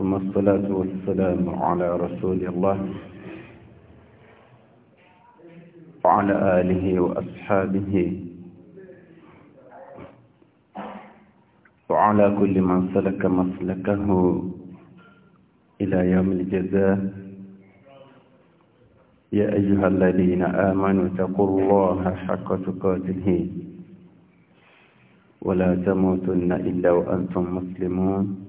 ثم الصلاة والسلام على رسول الله وعلى آله وأصحابه وعلى كل من سلك مسلكه إلى يوم الجزاء يا أيها الذين آمنوا اتقوا الله حق تقاته ولا تموتن إلا وأنتم مسلمون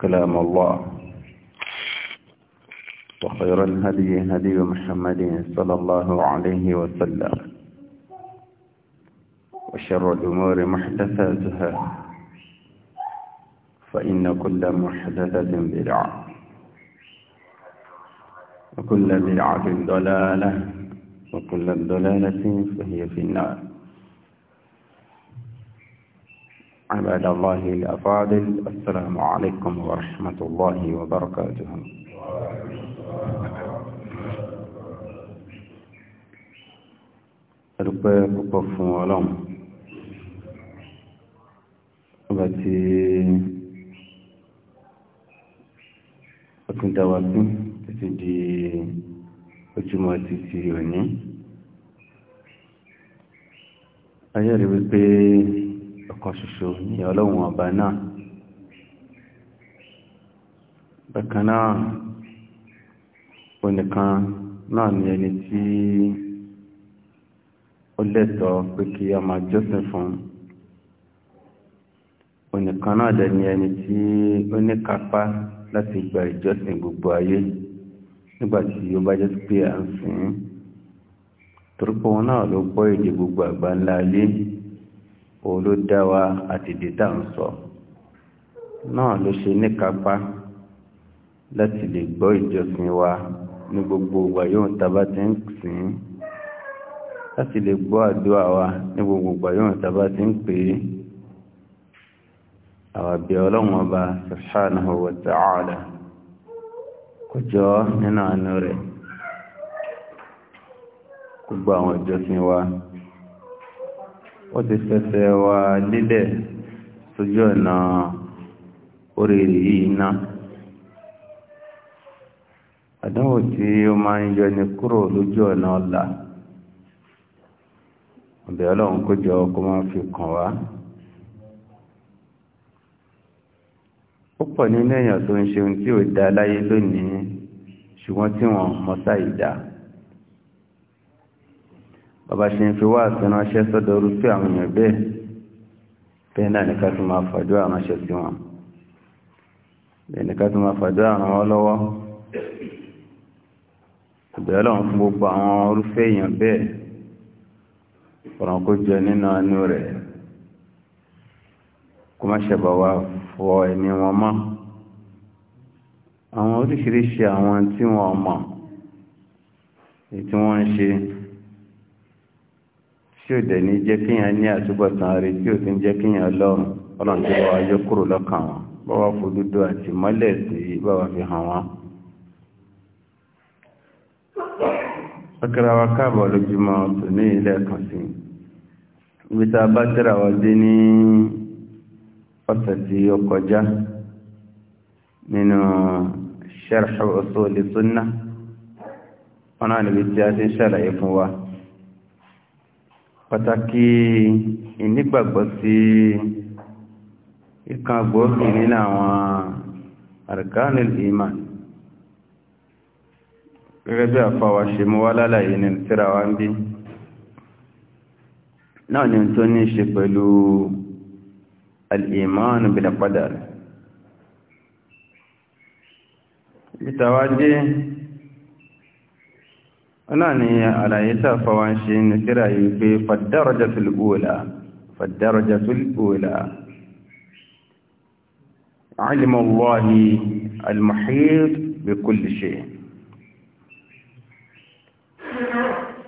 كلام الله وخير الهدي هدي محمد صلى الله عليه وسلم وشر الأمور محدثاتها فإن كل محدثة بدعة وكل بدعة ضلالة وكل الضلالة فهي في النار عباد الله الأفاضل السلام عليكم ورحمة الله وبركاته ẹ̀dùpẹ́ púpọ̀ fún ọlọ́run ọba tí ọkùn dáwà sí títí di ojúmọ́ títí òní ayẹ́rìí wípé ọ̀kan ṣoṣo ní ọlọ́run ọba náà bákan náà onìkan náà ni ẹni tí ó lẹ́tọ̀ọ́ pé kí a máa jọ́sìn fún onìkan náà dẹ̀ ni ẹni tí ó ní kápá láti gba ìjọsìn gbogbo ayé nígbàtí ó bá jẹ́ pé à ń sìn ín torípọ̀ wọn náà ló gbọ́ èdè gbogbo àgbáńlá ayé olódáwa àti dídá ń sọ náà ló ṣe níkapá láti lè gbọ́ ìjọsìn wa ní gbogbo ìgbà yóò tàbá ti ń sìn láti lè gbọ́ àdúrà wa ní gbogbo ìgbà yóò tàbá ti ń pè é àwọn ọlọ́wọ́n ọba subhanahu wa ta'ala kò jọ nínú àánú rẹ̀ ó ti fẹsẹ̀ wa lílẹ̀ sójú ọ̀nà oríire yìí ná àdánwò tí ó máa ń yọ ni kúrò lójú ọ̀nà ọ̀la ọ̀bẹ̀ ọlọ́run kó jọ kó máa fi kàn wá ó pọ̀ nínú èèyàn tó ń ṣe ohun tí ò dá láyé lónìí ṣùgbọ́n tí wọ́n mọ̀ sáì dáa bàbá ṣe ń fi wá àtẹnàṣẹ́ sọ́dọ̀ orúfẹ́ àwọn èèyàn bẹ́ẹ̀ bẹ́ẹ̀ náà ní ká tún máa fàájú àránṣẹ́ sí wọn bẹ́ẹ̀ ní ká tún máa fàájú àrán wọn lọ́wọ́ ìbẹ̀rẹ̀ lọ́wọ́ fún gbogbo àwọn orúfẹ́ èèyàn bẹ́ẹ̀ ọ̀rànkó jẹ nínú àánú rẹ̀ kó má ṣe bá fọ ẹ̀mí wọn mọ́ àwọn oríṣiríṣi àwọn tí wọn mọ̀ èyí tí wọ́n ń ṣe tí ó dẹ̀ ní jẹ́ kíyàn ní àtúbọ̀tán rí tí ó ti ń jẹ́ kíyàn lọ́rùn ọlọ́run tí wọ́n yóò kúrò lọ́kàn wọn bọ́wọ́ fòdúdó àti mọ́lẹ̀ sí bọ́wọ́ fi hàn wọn ọkẹrẹ wa káàbọ̀ lójúmọ́ tò ní ilẹ̀ kan sí ibi tá a bá tẹ́ra wa dé ní ọ̀sẹ̀ tí ó kọjá nínú sharh usul sunnah wọn náà níbi tí a ti ń ṣàlàyé fún wa pàtàkì ìnígbàgbọ́ sí ìkan gbòógì nínú àwọn arkanul iman gẹ́gẹ́ bí àfáwà ṣe mú wá lálàyé ní tíra wá ń bí náà ni tó ní ṣe pẹ̀lú al-iman bil náà ni àlàyé tàà fọwọ́ ń ṣe ní kíra yìí pé fàdárọjà tùlùkúlà fàdárọjà tùlùkúlà alimullahi bi kulli shay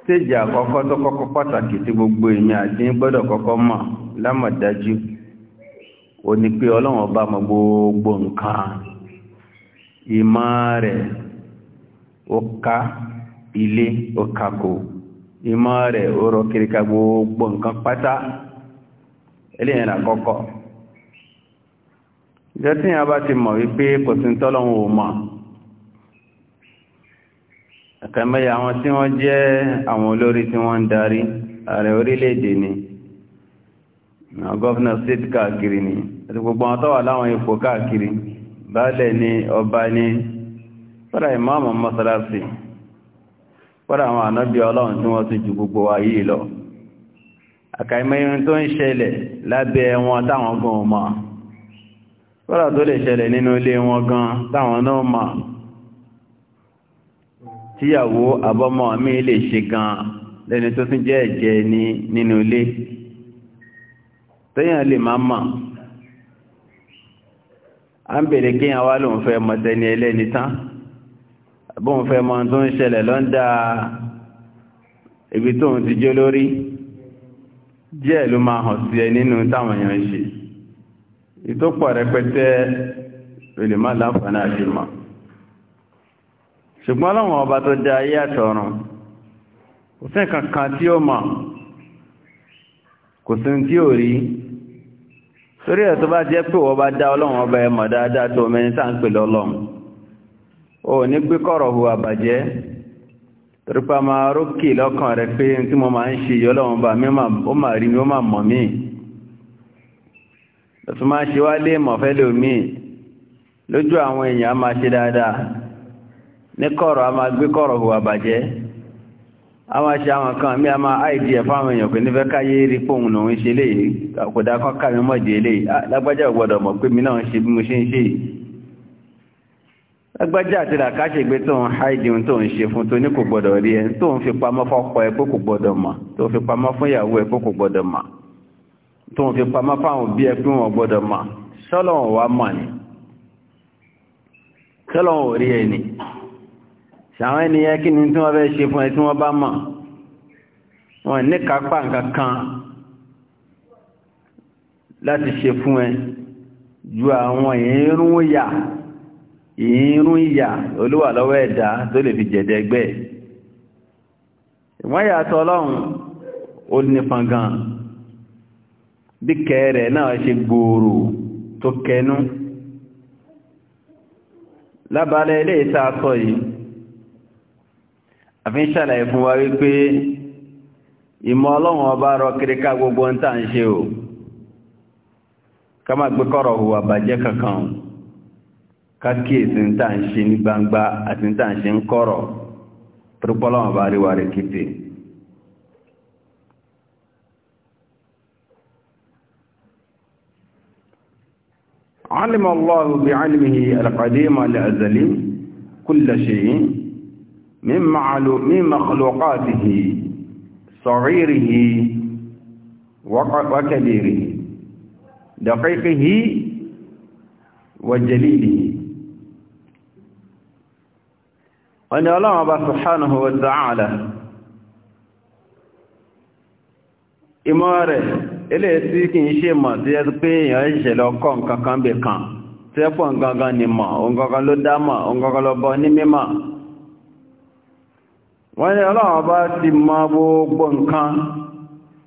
stéèjì àkọ́kọ́ tó kọ́kọ́ pàtàkì tí gbogbo èèyàn àti gbọ́dọ̀ kọ́kọ́ mọ̀ lámọ̀dájú ó ní pé ọlọ́run ọba mọ̀ gbogbo nǹkan ìmọ̀ rẹ̀ ó ká ilé ó kakò ìmọ̀ rẹ̀ ó rọ kìríkà gbogbo nǹkan pátá eléyìn àkọ́kọ́ ìjẹ́ tí a bá ti mọ̀ wípé kò sí tọ́lọ́run ò mọ̀ ẹ̀kẹ́mẹ́yà àwọn tí wọ́n jẹ́ àwọn olórí tí wọ́n ń darí ààrẹ orílẹ̀-èdè ni gọ́ọ̀nà state káàkiri ni àti gbogbo àwọn tọ́wà láwọn ipò káàkiri baálẹ̀ ni ọba ni fọ́dà ìmáàmù mọ́sálásí kọ́dà àwọn ànábí ọlọ́run tí wọ́n tún ju gbogbo wa yìí lọ àkàìmọ̀yìn tó ń ṣẹlẹ̀ lábẹ́ wọn táwọn gan mọ̀ kọ́dà tó lè ṣẹlẹ̀ nínú ilé wọn gan táwọn náà mọ̀ tíyàwó àbọ́mọ̀ mi lè ṣe gan lẹ́ni tó tún jẹ́ ẹ̀jẹ̀ ní nínú ilé tẹ́yàn lè máa mọ̀ à ń bèèrè kéèyàn wá lóun fẹ́ mọ̀tẹ́ni ẹlẹ́ni tán bóun fẹ́ mọ tó ń ṣẹlẹ̀ ló ń da ibi tóun ti jẹ́ lórí díẹ̀ ló máa hàn sí ẹ nínú táwọn èèyàn ń ṣe ìtòpọ̀ rẹpẹtẹ olè má láǹfààní àti mọ̀ ṣùgbọ́n ọlọ́run ọba tó dá ayé àtọ̀run kò sí nǹkan kan tí ó mọ̀ kò sí tí ò rí torí ẹ̀ tó bá jẹ́ pé wọ́n dá ọlọ́run ọba ẹ̀ mọ̀ dáadáa tó mẹ́ni tá ń pè lọ́lọ́run o ní pé kọ̀rọ̀ hùwà bàjẹ́ torípa máa rókè lọ́kàn rẹ̀ pé tí mo máa ń ṣe yọ́lọ́wọ́n bá mi ó máa rí mi ó máa mọ̀ mí lọ́tún máa ṣe wá lé mọ̀fẹ́ lómi lójú àwọn èèyàn a máa ṣe dáadáa ní kọ̀rọ̀ a máa gbé kọ̀rọ̀ hùwà bàjẹ́ a máa ṣe àwọn kan mí a máa àìdí ẹ̀fọ́ èèyàn pé nífẹ́ káyé rí pòun nù ń ṣe léyìí kò dá kọ́kà mi mọ̀dé léyìí lágbájá gbọ́dọ̀ mọ̀ pé mi náà ń ṣe bí mo ṣe ń ṣe yìí agbájá àti làkàṣègbè tó ń háìdì ohun tó ń ṣe fún tó ní kò gbọdọ̀ rí ẹ tó ń fi pamọ́ fọ́kọ ẹ pé kò gbọdọ̀ mọ̀ tó ń fi pamọ́ fún ìyàwó ẹ pé kò gbọdọ̀ mọ̀ tó ń fi pamọ́ fáwọn òbí ẹ pé wọ́n gbọdọ̀ mọ̀ sọ́lọ́wọ́n wá mọ̀ ni sọ́lọ́wọ́n ò rí ẹ ni ṣàwọn ènìyàn kí ni tí wọ́n fẹ́ ṣe fún ẹ tí wọ́n bá mọ̀ wọn ní kápá nǹkan kan láti ṣe fún ẹ ju àwọn èèrú yà ìrún ìyà olúwà lọ́wọ́ ẹ̀dá tó lè fi jẹ̀dẹ̀ ẹgbẹ́ ìwọ́n yàtọ̀ ọlọ́run ó ní fangan bí kẹrẹ náà ṣe gbòòrò tó kẹnu lábàálẹ̀ ilé ìta sọ yìí àfi ń ṣàlàyé fún wa wípé ìmọ̀ ọlọ́run ọba rọ kiri gbogbo ń tà ń ṣe o ká má gbé kọ́rọ̀ hùwà bàjẹ́ kankan o kákíyèsí ń tà ń ṣe ní gbangba àti ń tà ń ṣe ń kọ̀rọ̀ pírípọ́lọ́wọ̀n bá rí wa rẹ̀ kéte علم الله بعلمه القديم الأزلي كل شيء من, من مخلوقاته صغيره وكبيره دقيقه وجليله wọ́n ni ọlọ́run ọba subhanahu wa ta'ala ìmọ̀ rẹ̀ ilé tí kì í ṣe mọ̀ tí ẹ pé èèyàn ìṣẹ̀lẹ̀ ọkọ̀ nǹkan kan bè kan tí ẹ pọ̀ nǹkan ni mọ̀ nǹkan ló dá mọ̀ nǹkan lọ bọ́ ní mímọ̀ wọ́n ni ọlọ́run ọba ti mọ̀ gbogbo nǹkan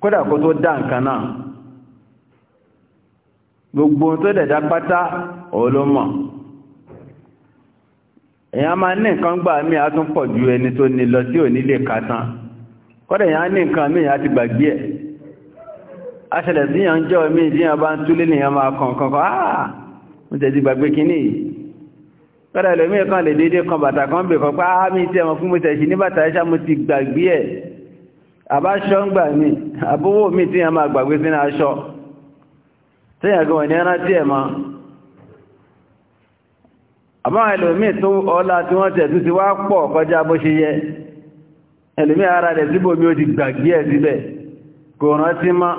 kódà kó tó dá nǹkan náà gbogbo tó dẹ̀dá pátá òun ló mọ̀ èyàn máa ní nǹkan gbà mí a tún pọ̀ ju ẹni tó ní lọ tí ò ní lè kàtán kọ́dẹ̀ èyàn ní nǹkan mí a ti gbàgbé ẹ̀ aṣẹlẹ̀ sí yàn jọ mí tí yàn bá ń túlé nìyàn máa kàn kankan àà mo tẹ̀ ti gbàgbé kíní kọ́dẹ̀ lómi kan lè dédé kan bàtà kan bè kan pá mi tí ẹmọ fún mo tẹ̀ sí ní bàtà ẹṣá mo ti gbàgbé ẹ̀ àbáṣọ ń gbà mí àbówó mi tí yàn máa gbàgbé sínú aṣọ tí yàn gan ò ní ẹran tí ẹ̀ máa àbáwọn ẹlòmíì tó ọlá tí wọ́n tẹ̀tú ti wá pọ̀ kọjá bó ṣe yẹ ẹlòmíì ara rẹ̀ síbò mi ó ti gbàgbé ẹ̀ síbẹ̀ kò rántí mọ́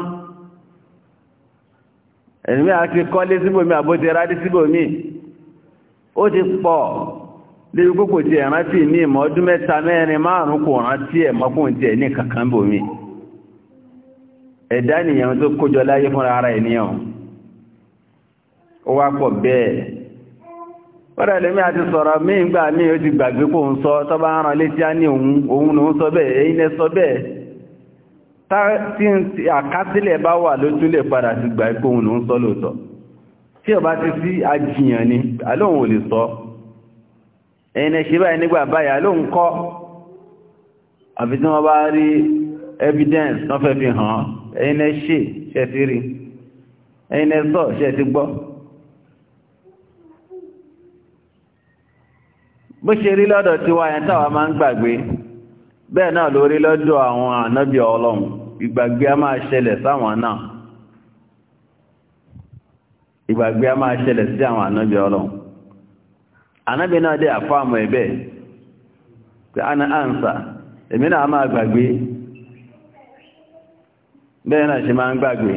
ẹlòmíì a ti kọ́lé síbò mi àbó ti rádí síbò mi ó ti pọ̀ lébi kókò ti ẹ̀rántí ní ìmọ̀ ọdún mẹ́ta mẹ́rin márùn-ún kò rántí ẹ̀ mọ́kùn ti ní kankan bò mí ẹ̀dá nìyẹn tó kójọ láyé fúnra ara ẹ̀ níyàn ó wá pọ̀ bẹ́ẹ̀ ọ̀rẹ́ lèmi àti sọ̀rọ̀ míì gbà ní o ti gbàgbé kò ń sọ tó bá rán létí á ní òun ní ó sọ bẹ́ẹ̀ èyí ní sọ bẹ́ẹ̀ tí àkásílẹ̀ bá wà ló tún lè padà ti gbà ipò òun ní ó sọ lóòtọ́ tí ọba ti sọ evidence wọ́n fẹ́ fi hàn ẹ̀yìn ẹ̀ṣẹ́ bó ṣe rí lọ́dọ̀ tí wá yẹn táwa máa ń gbàgbé bẹ́ẹ̀ náà ló rí lọ́dọ̀ àwọn ànábì ọlọ́run ìgbàgbé a máa ṣẹlẹ̀ sáwọn náà ìgbàgbé a máa ṣẹlẹ̀ sí àwọn ànábì ọlọ́run ànábì náà dé pé ana ansa èmi náà máa gbàgbé bẹ́ẹ̀ náà ṣe máa ń gbàgbé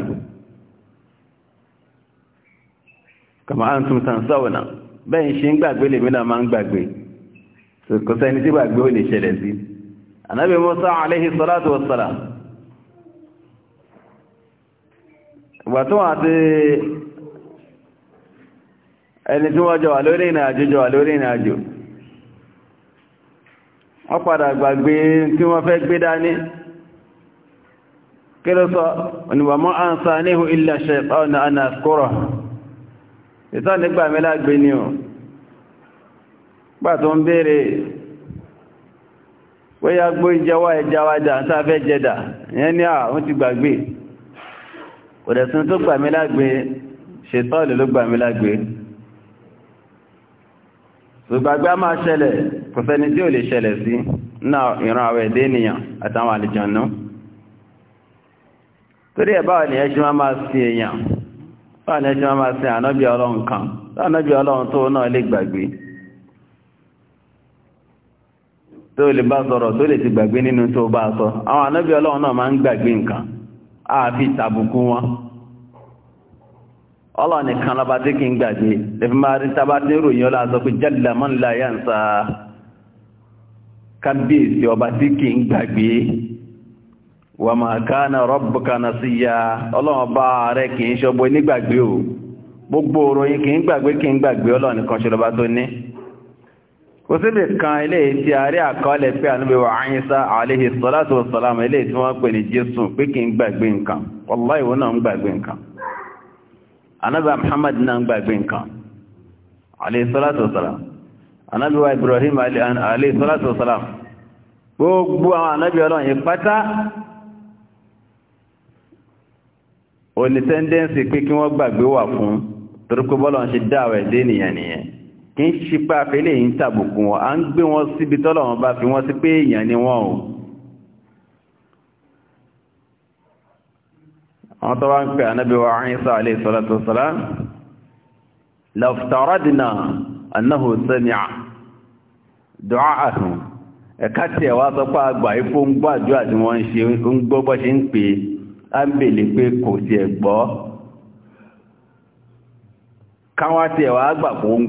kàmá antum tansawna bẹ́ẹ̀ ṣe ń gbàgbé lèmi náà máa ń gbàgbé kò sẹ́ni tí gbàgbé ó lè ṣẹlẹ̀ sí anábì Musa alayhi salatu wassalam ìgbà tó wọ́n àti ẹni tí wọ́n jọ wà lórí ìrìn àjò lórí ìrìn wọ́n padà gbàgbé tí wọ́n fẹ́ gbé dání kí ló sọ oníwà mọ́ à ń sa níhù illa shaytana pàtó ń béèrè wẹ́yà gbó ìjẹwà ẹjáwájà ń sáfẹ́ jẹdà ìyẹn ní àwọn ti gbàgbé kò dẹ̀ tún tó gbàmí lágbé ṣètọ́ọ̀lù ló gbàmí lágbé ṣùgbàgbé a máa ṣẹlẹ̀ kò sẹ́ni tí ò lè ṣẹlẹ̀ sí náà ìran àwẹ̀ èdè ènìyàn àtàwọn àlìjànú torí ẹ̀ báwọn ènìyàn ṣe máa sí èèyàn báwọn ènìyàn ṣe máa sí ànábì ọlọ́run kan ànábì ọlọ́run tó náà lè gbàgbé tó lè bá sọ̀rọ̀ tó lè ti gbàgbé nínú tó bá sọ àwọn ànábì ọlọ́run náà máa ń gbàgbé nǹkan ààfi tàbùkù wọn ọlọ́run nìkan lọ́ba tí kì í gbàgbé lẹ́fí máa rí tábà tí ròyìn ọlá sọ pé jalla man la yansa kábíyèsí ma o kò síbì kan ilé tí a rí àkọọ́lẹ̀ pé ànúbẹ̀wò àyínsá àléhì sọ́látù wọ́sọ́lámù ilé tí wọ́n pè ní jésù pé kí n gbàgbé nǹkan wallahi ìwọ náà ń gbàgbé nǹkan anábà muhammad náà ń gbàgbé nǹkan àléhì sọ́látù wọ́sọ́lámù anábìwá ibrahim àléhì sọ́látù wọ́sọ́lámù gbogbo àwọn anábì ọlọ́run yìí pátá ò ní pé kí wọ́n gbàgbé wà fún torí pé ṣe dáwẹ̀ dé nìyẹn nìyẹn kì í ṣipá àfẹ́lẹ̀ yìí ń tàbùkù wọn a ń gbé wọn síbi tọ́lọ̀ wọn bá fi wọ́n sí pé èèyàn ni wọ́n o wọ́n tọ́wà ń pè ànábì wa Ìsá alayhi salatu wassalam law iftaradna annahu sami'a tí ẹ̀wà sọ pé àgbà ifó ń gbọ́ àdúrà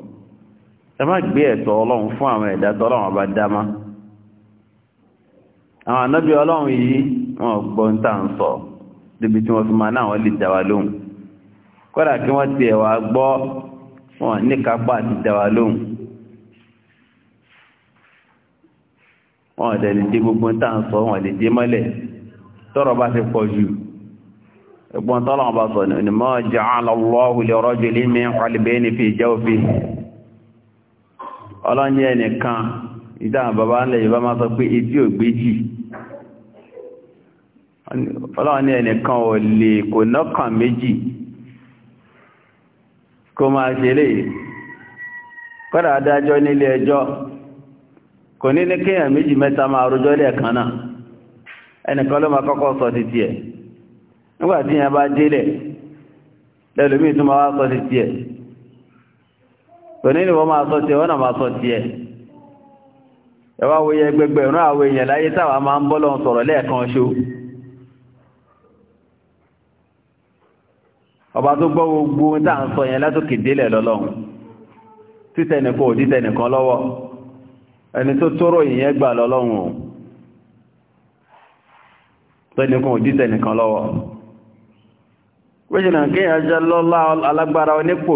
ẹ má gbé ẹ̀tọ́ ọlọ́run fún àwọn ẹ̀dá tọ́lọ́run ọba dámá àwọn ànábí ọlọ́run yìí wọn gbọ́ ń tà ń sọ débi tí wọ́n fi máa náà wọ́n lè dáwà lóhùn kódà kí wọ́n ti ẹ̀wà gbọ́ wọn níkápá àti dáwà lóhùn wọn ọ̀dẹ̀ lè dé gbogbo ń tà ń sọ wọn lè dé mọ́lẹ̀ tọ́rọ̀ bá ti pọ̀ jù ẹ̀gbọ́n tọ́lọ́run bá sọ ní mọ́ ja'ala Allahu li rajulin min qalbayni fi jawfihi ọlọ́nyẹ ẹnìkan ìdáhùn bàbá ńlẹ̀ Yorùbá máa sọ pé etí ò gbéjì ọlọ́nyẹ ẹnìkan ò lè kò nọ́kàn méjì kó máa ṣe lè kọ́dà adájọ́ nílé ẹjọ́ kò ní ní kíyàn méjì mẹ́ta máa rojọ́ lẹ́ẹ̀kan náà ẹnìkan ló máa kọ́kọ́ sọ títí ẹ̀ nígbàtí yẹn bá délẹ̀ lẹ́lòmí tún máa wá sọ títí ẹ̀ tòní ni wọ́n máa sọ tiẹ̀ wọ́n náà máa sọ tiẹ̀ ẹ wá wo yẹ gbẹgbẹ̀rún àwọn èèyàn láyé táwa máa ń bọ́lọ̀ sọ̀rọ̀ lẹ́ẹ̀kan ṣo ọba tó gbọ́ gbogbo tá à ń sọ yẹn látòkè délẹ̀ lọ́lọ́run títẹnìkan ò títẹnìkan lọ́wọ́ ẹni tó tóró ìyẹn gbà lọ́lọ́run o tẹnìkan ò títẹnìkan lọ́wọ́ wíṣìnà kéèyàn jẹ́ lọ́lá alágbára onípò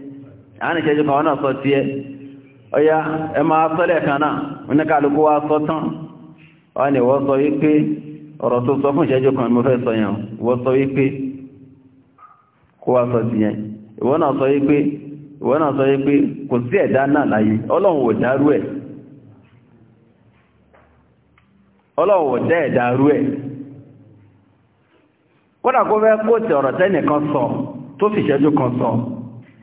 àwọn ìṣẹ́jú kan náà sọ tí ẹ ọya ẹ máa sọ́lẹ̀ kan náà oníkàlùkù wá sọ tán wá ní wọ́n sọ wípé ọ̀rọ̀ tó sọ kan mo fẹ́ sọ yẹn wọ́n sọ wípé kó wá sọ ti yẹn ìwọ náà sọ wípé ìwọ náà sọ wípé kò kódà kó fẹ́ ọ̀rọ̀ tẹ́nìkan sọ tó kan sọ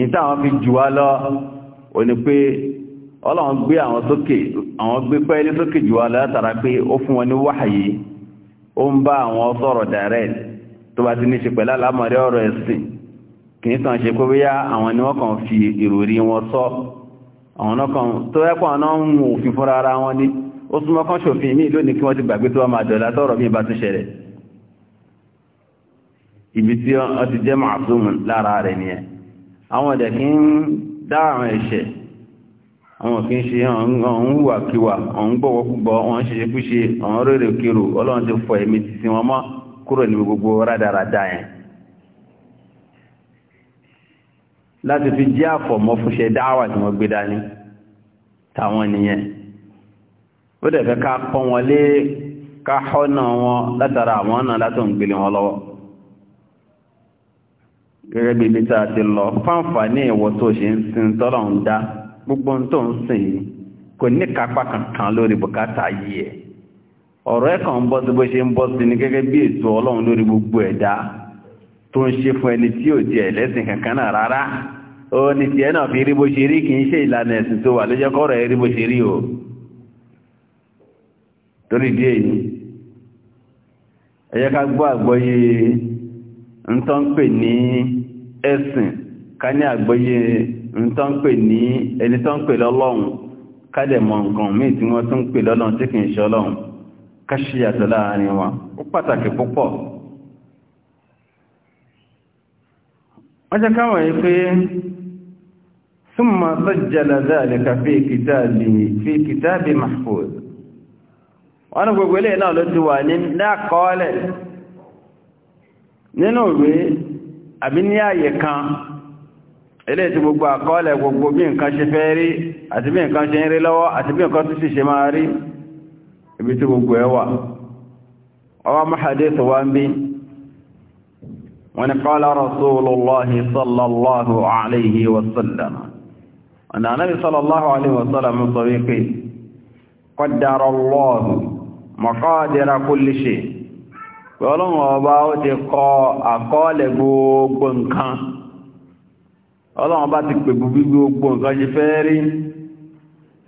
yìí táwọn fi jù wá lọ ò ní pé ọlọ́run gbé àwọn sókè àwọn gbé pẹ́ẹ́lí sókè jù wá lọ látara pé ó fún wọn ní wáhàyí ó ń bá àwọn sọ̀rọ̀ direct tó bá ti ní ṣe pẹ̀lú àlámọ̀rí ọ̀rọ̀ ẹ̀sìn kì í kàn ṣe pé bóyá àwọn ni wọ́n kàn fi ìròrí wọn sọ àwọn náà kàn tó yẹ́pọ̀ àwọn náà ń mú òfin fúnra ara wọn ní ó súnmọ́ kán ṣòfin ní lónìí kí wọ́n ti gbàgbé tó wá máa dọ̀lá tọ́rọ̀ bí ìbá tún ṣẹlẹ̀ ibi tí wọ́n ti jẹ́ màásùmù lára rẹ̀ nìyẹn àwọn ẹ̀dẹ̀ kí ń dá àwọn ẹ̀ṣẹ̀ àwọn kí ń ṣe ọ̀hún hùwàkíwà ọ̀hún gbọ́wọ́kúgbọ́ ṣe kúṣe ọ̀hún rèrè ọlọ́run ti fọ ẹ̀mí ti wọn mọ́ kúrò ní gbogbo rádaràdá yẹn fi jẹ́ àfọ̀mọ́ fúnṣẹ́ dáwà tí wọ́n gbé dání táwọn nìyẹn ó dẹ̀ fẹ́ ká wọn lé wọn látara àwọn náà látọ̀ ń gbélé wọn lọ́wọ́ gẹ́gẹ́ bí ibi tí a ti lọ fáǹfà ní ìwọ tó ṣe ń sin tọ́lọ̀ gbogbo tó ń sìn ní kápá kankan lórí bùkátà yìí ẹ̀ ọ̀rọ̀ ẹ̀ kàn bọ́ sí bó ṣe ń bọ́ gbogbo tó ń ṣe fún ẹni tí ò lẹ́sìn kankan náà rárá ó ní tiẹ̀ náà fi rí bó ṣe rí kì í ṣe o ẹ̀sìn ká ní àgbọ́yé ntọ́npè ní ẹni tọ́npè lọ́lọ́run ká nǹkan míì tí wọ́n tún pè lọ́lọ́run tí kìí ṣe ọlọ́run ká láàrin wa ó pàtàkì púpọ̀ wọ́n jẹ́ gbogbo ilé náà ló ti wà ní lákọọ́lẹ̀ nínú àbí ní ààyè kan ilé tí gbogbo àkọọ́lẹ̀ gbogbo bí nǹkan ṣe fẹ́ rí àti bí nǹkan ṣe ń rí lọ́wọ́ àti bí nǹkan tó sì ṣe máa rí ibi tí gbogbo ẹ wà ọwọ́ mahadé tó wá ń bí wọ́n qala rasulullahi sallallahu alayhi wa pé ọlọ́run ọba ó ti kọ àkọọ́lẹ̀ gbogbo nǹkan ọlọ́run ọba ti pè gbogbo nǹkan ṣe fẹ́ rí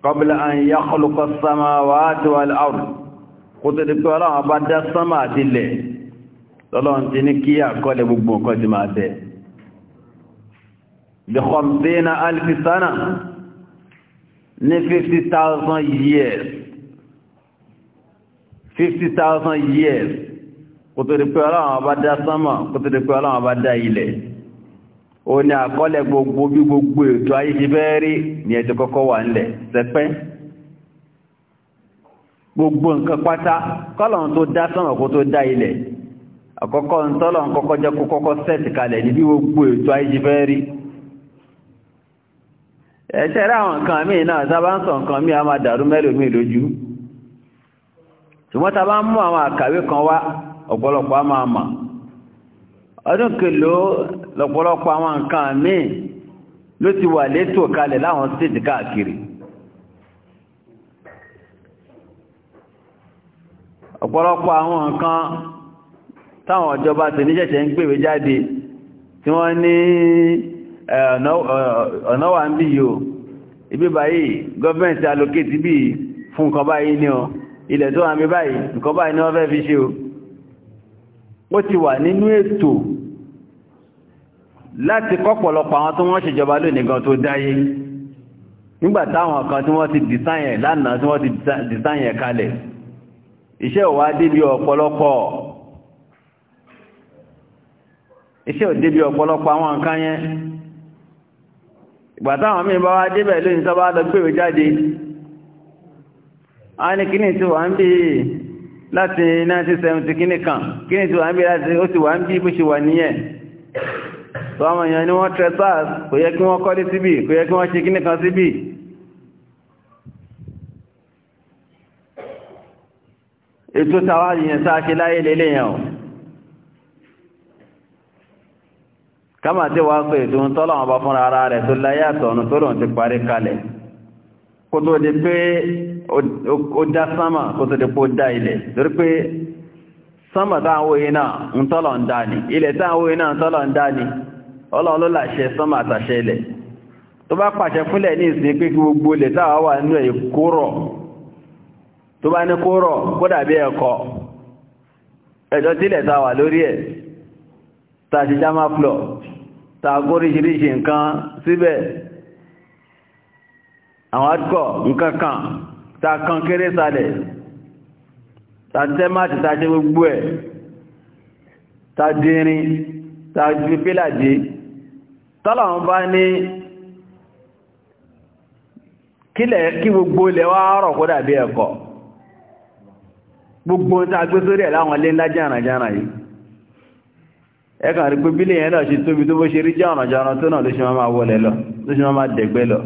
qabla an yakhluqa as-samawati wal-ard kó tó di pé ọlọ́run ọba dá sánmà àtilẹ̀ lọ́lọ́run ti ní kí àkọọ́lẹ̀ gbogbo nǹkan ti máa tẹ̀ bi khamsina alfi sana ní 50,000 years 50,000 years kòtòdì pé ọlọ́run ọba dá sánmà kòtòdì pé ọlọ́run ọba dá ilẹ̀ o ní àkọọ́lẹ̀ gbogbo bí gbogbo ètò ayé ti fẹ́ rí ní ẹ̀tọ́ kọ́kọ́ wà nílẹ̀ sẹpẹ́ gbogbo nǹkan pátá kọ́lọ̀n tó dá sánmà kó tó dá ilẹ̀ àkọ́kọ́ ń kọ́kọ́ jẹ́ kó kọ́kọ́ sẹ́ẹ̀tì kalẹ̀ ní bí gbogbo ètò ayé ti fẹ́ rí ẹ̀ṣẹ́ nǹkan míì náà sábà ń ọ̀pọ̀lọpọ̀ a máa mà ọdún kèlò lọ̀pọ̀lọpọ̀ àwọn nǹkan míì ló ti wà létò kalẹ̀ láwọn stéètì káàkiri ọ̀pọ̀lọpọ̀ àwọn nǹkan táwọn ìjọba tẹ̀ ní ṣẹ̀ṣẹ̀ ń gbèwé jáde tí wọ́n ní ọ̀nà wà ń bí yóò ibi báyìí gọ́ọ̀mẹ̀ntì allocate bí fún nǹkan báyìí ní ọ ilẹ̀ tó wà ń báyìí nǹkan báyìí ní wọ́n fẹ́ fi ṣe o ó ti wà nínú ètò láti kọ́pọ̀lọpọ̀ àwọn tó wọ́n ṣèjọba lónìí gan tó dáyé nígbà táwọn kan tí wọ́n ti design ẹ̀ lánàá tí wọ́n ti design ẹ̀ kalẹ̀ iṣẹ́ ò wá débi ọ̀pọ̀lọpọ̀ iṣẹ́ ò débi ọ̀pọ̀lọpọ̀ àwọn nǹkan yẹn ìgbà táwọn bá wá débẹ̀ lónìí tó lọ gbèrò jáde a ní kíní tí wọ́n ń bèèrè láti 1970 kíní kan kíní ti wà ń bí láti ó ti wà ń bí bó ṣe wà níyẹn tó àwọn èèyàn ni wọ́n trespass kò yẹ kí wọ́n kọ́lé síbì kò yẹ kí wọ́n ṣe kíní kan síbì ètò tàwa yìnyẹn sáà láyé lélẹ́yàn o kámà tí pé ètò ń tọ́lọ̀ àwọn ọba fúnra ara rẹ̀ tó láyé àtọ̀nù tó lòun ti parí kalẹ̀ kó tó di pé ó dá sánmà kó tó di pé ó dá ilẹ̀ torí pé sánmà táwọn òye náà ń tọ́lọ̀ ń dá ni ilẹ̀ táwọn òye náà ń tọ́lọ̀ ń dá ni ọlọ́run ló láṣẹ sánmà àtàṣẹ ilẹ̀ tó bá pàṣẹ fúnlẹ̀ ní ìsìn pé kí gbogbo ilẹ̀ táwọn wà nínú ẹ̀ ta wà lórí ẹ̀ ta ta àwọn àtìkọ̀ nǹkankan ta kan kéré sálẹ̀ ta tẹ́máàtì ta ṣe gbogbo ẹ̀ ta dínrín ta ju pílàdé tọ́lọ̀wọ́n bá ní kílẹ̀ kí gbogbo ilẹ̀ wá rọ̀ kó dàbí ẹ̀kọ́ gbogbo ta gbé sórí ẹ̀ láwọn ilé ńlá jàrànjàrà yìí ẹ̀kàn rí pé bílẹ̀ yẹn náà ṣe tóbi tó bó ṣe rí jàrànjàrà tó náà ló ṣe máa wọlẹ̀ lọ ló ṣe máa dẹ̀gbẹ́ lọ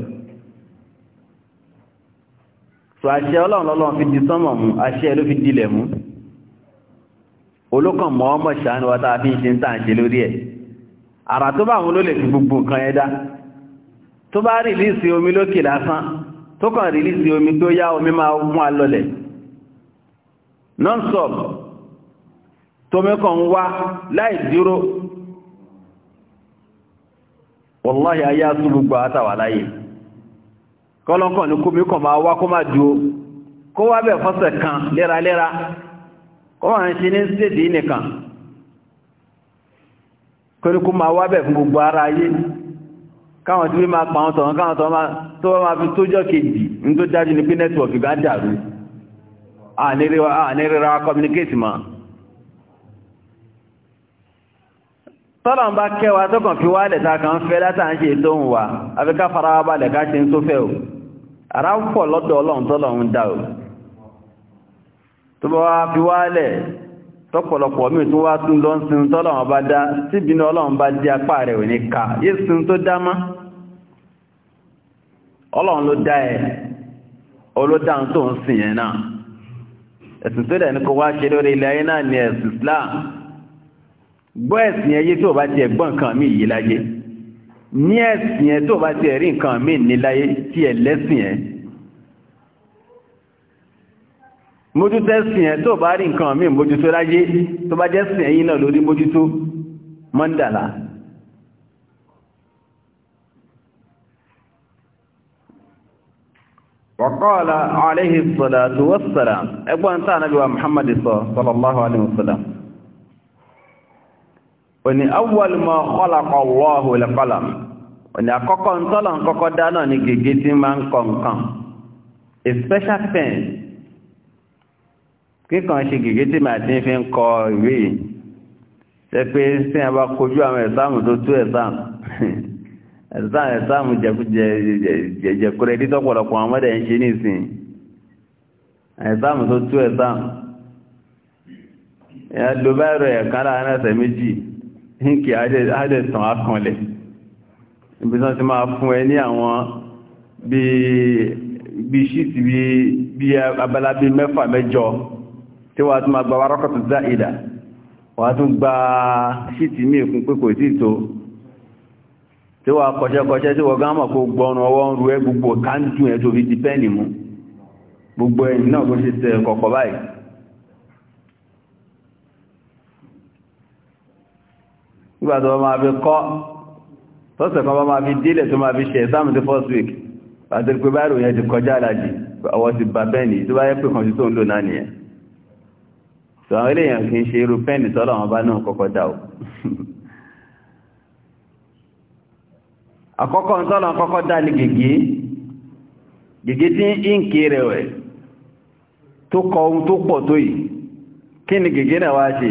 so àṣẹ ọlọ́run lọ́lọ́run fi di sánmọ̀ mú àṣẹ ló fi dilẹ̀ mú olókàn mọ́ ọmọ ìṣàánú wa táa fi ń ṣe ń tàn ṣe lórí ẹ̀ àrà tó bá wọn ló lè fi gbogbo nǹkan ẹ̀dá tó bá rìlíìsì omi lókè lásán tó kàn rìlíìsì omi tó yá omi máa mú alọ́lẹ̀ non-stop tómi kan ń wá láì dúró wọ́láhì ayé á àtàwà láyé kọ́lọ́kọ̀ ní kómi kọ̀ máa wá kó máa dúó kó wá bẹ̀ fọ́sẹ̀ kan léraléra kó wà ń ṣe ní stéèdì nìkan kó ní kó máa wá bẹ̀ fún gbogbo ara ayé káwọn tí wí máa pa àwọn tọ̀wọ́n káwọn tọ́wọ́ tó wá máa fi tójọ́ kejì ní tó dájú ní pé nẹ́tíwọ̀kì bá dàrú àníríra bá kẹwàá tó kàn fi wálẹ̀ ta kàn fẹ́ látà ń ṣe ìtóhùn wa àfikà fara wá balẹ̀ ká ṣe ń tó fẹ́ o ara ń pọ̀ lọ́dọ̀ ọlọ́run tọ́lọ́run dá o tó bá wá fi wálẹ̀ tọ́pọ̀lọpọ̀ mi tó wá tún lọ sin tọ́lọ́run bá dá síbínú ọlọ́run bá dí apá rẹ̀ ò ní ká yé sin tó dá má ọlọ́run ló dá ẹ olódá tó ń sìn yẹn náà ẹ̀sìn tó dẹ̀ ní kó wá ṣe lórí ní ẹ̀sìn ẹ̀ tó bá ti ẹ̀rí nǹkan mí níláyé tí ẹ̀ lẹ́sìn ẹ̀ mójútó ẹ̀sìn ẹ̀ tó bá rí nǹkan mí mójútó láyé tó bá jẹ́sìn ẹ̀yìn náà lórí mójútó mọ́ndàlá wàkọ́ọ̀lá aléhìsọ̀lá tó wọ́sàrà ẹgbọ́n Muhammadu alaihi oni awwal ma khalaqa Allahu al-qalam òní àkọ́kọ́ ń nkọkọ ń kọ́kọ́ dá náà ma gègé kọ nǹkan a special pen kíkan ṣe gègé tí màá ti fi ń kọ ìwé yìí ṣe pé sí àbá kojú àwọn ẹ̀sáàmù tó tú ẹ̀sáàmù ẹ̀sáàmù ẹ̀sáàmù jẹ̀kúrẹ́ títọ́ àwọn ọmọdé ń ṣe nísìnyí ẹ̀sáàmù tó tú ẹ̀sáàmù ẹ̀yà lóbá ẹ̀rọ ẹ̀kan láàárín ẹ̀sẹ̀ méjì kí àádẹ́sàn akànlẹ̀ ibi tán ti máa fún ẹ ní àwọn bí ṣíìtì bí abala bí mẹ́fà mẹ́jọ tí wà tún ma gba wárọ́kọ̀tù záìdà wà tún gba ṣíìtì mí ìkún pé kò tí tó tí wà kọ̀ṣẹ́kọ̀ṣẹ́ tí wọ́n gámọ̀ kó gbọ́nù ọwọ́ ń rú ẹ gbogbo káńtù ẹ̀ tó fi dìpẹ́ẹ̀nì mú gbogbo ẹ̀yìn náà bó ṣe tẹ̀ kọ̀kọ̀ báyìí nígbà tó máa fi kọ́ tọ́sẹ̀ kan máa fi délẹ̀ tó máa fi ṣe exam the first week àti pé báyìí ròyìn ti kọjá alájì ọwọ́ ti bà bẹ́ẹ̀ni tó bá yẹ pé kànjú tó ń lò náà nìyẹn tó àwọn eléyàn kì í ṣe irú pẹ́ẹ̀nì tọ́lọ̀ wọn bá náà kọ́kọ́ dá o kí ni gègé náà wá ṣe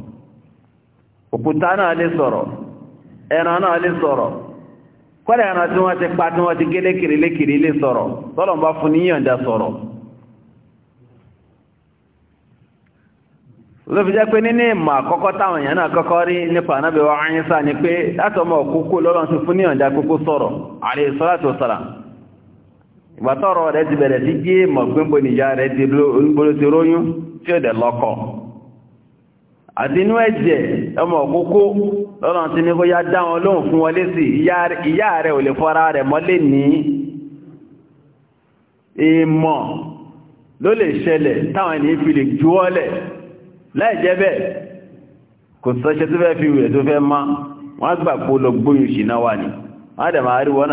òkúta náà lè sọ̀rọ̀ ẹran náà lè sọ̀rọ̀ kọ́lẹ̀ ẹran tí wọ́n ti pa tí wọ́n ti gé lékiri lékiri lè sọ̀rọ̀ tọ́lọ̀ bá fún níyànjá sọ̀rọ̀ fi jẹ́ pé nínú ìmọ̀ àkọ́kọ́ táwọn èèyàn náà kọ́kọ́ rí nípa Ànábì wa ni pé látọmọ òkúkú lọ́lọ́n ti fún níyànjá kúkú sọ̀rọ̀ alayhi salatu wassalam ìgbàtọ̀rọ̀ rẹ̀ ti bẹ̀rẹ̀ sí rẹ̀ ti bolo ti róyún tí ó dẹ̀ àti inú ẹ̀jẹ̀ ọmọ òkókó lọ́nà tí ní kó yá dá wọn lóhùn fún wọlé sí ìyá rẹ̀ ò lè fọ́ra rẹ̀ mọ́lé ní ìmọ̀ ló lè ṣẹlẹ̀ táwọn ènìyàn fi lè juwọ́lẹ̀ láìjẹ́ bẹ́ẹ̀ kò sọ́ṣẹ́ tó fẹ́ fi wẹ̀ tó fẹ́ má wọ́n gbà kó lọ gbóyún ṣìná wà ní wọ́n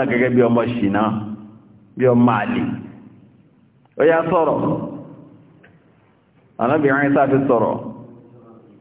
náà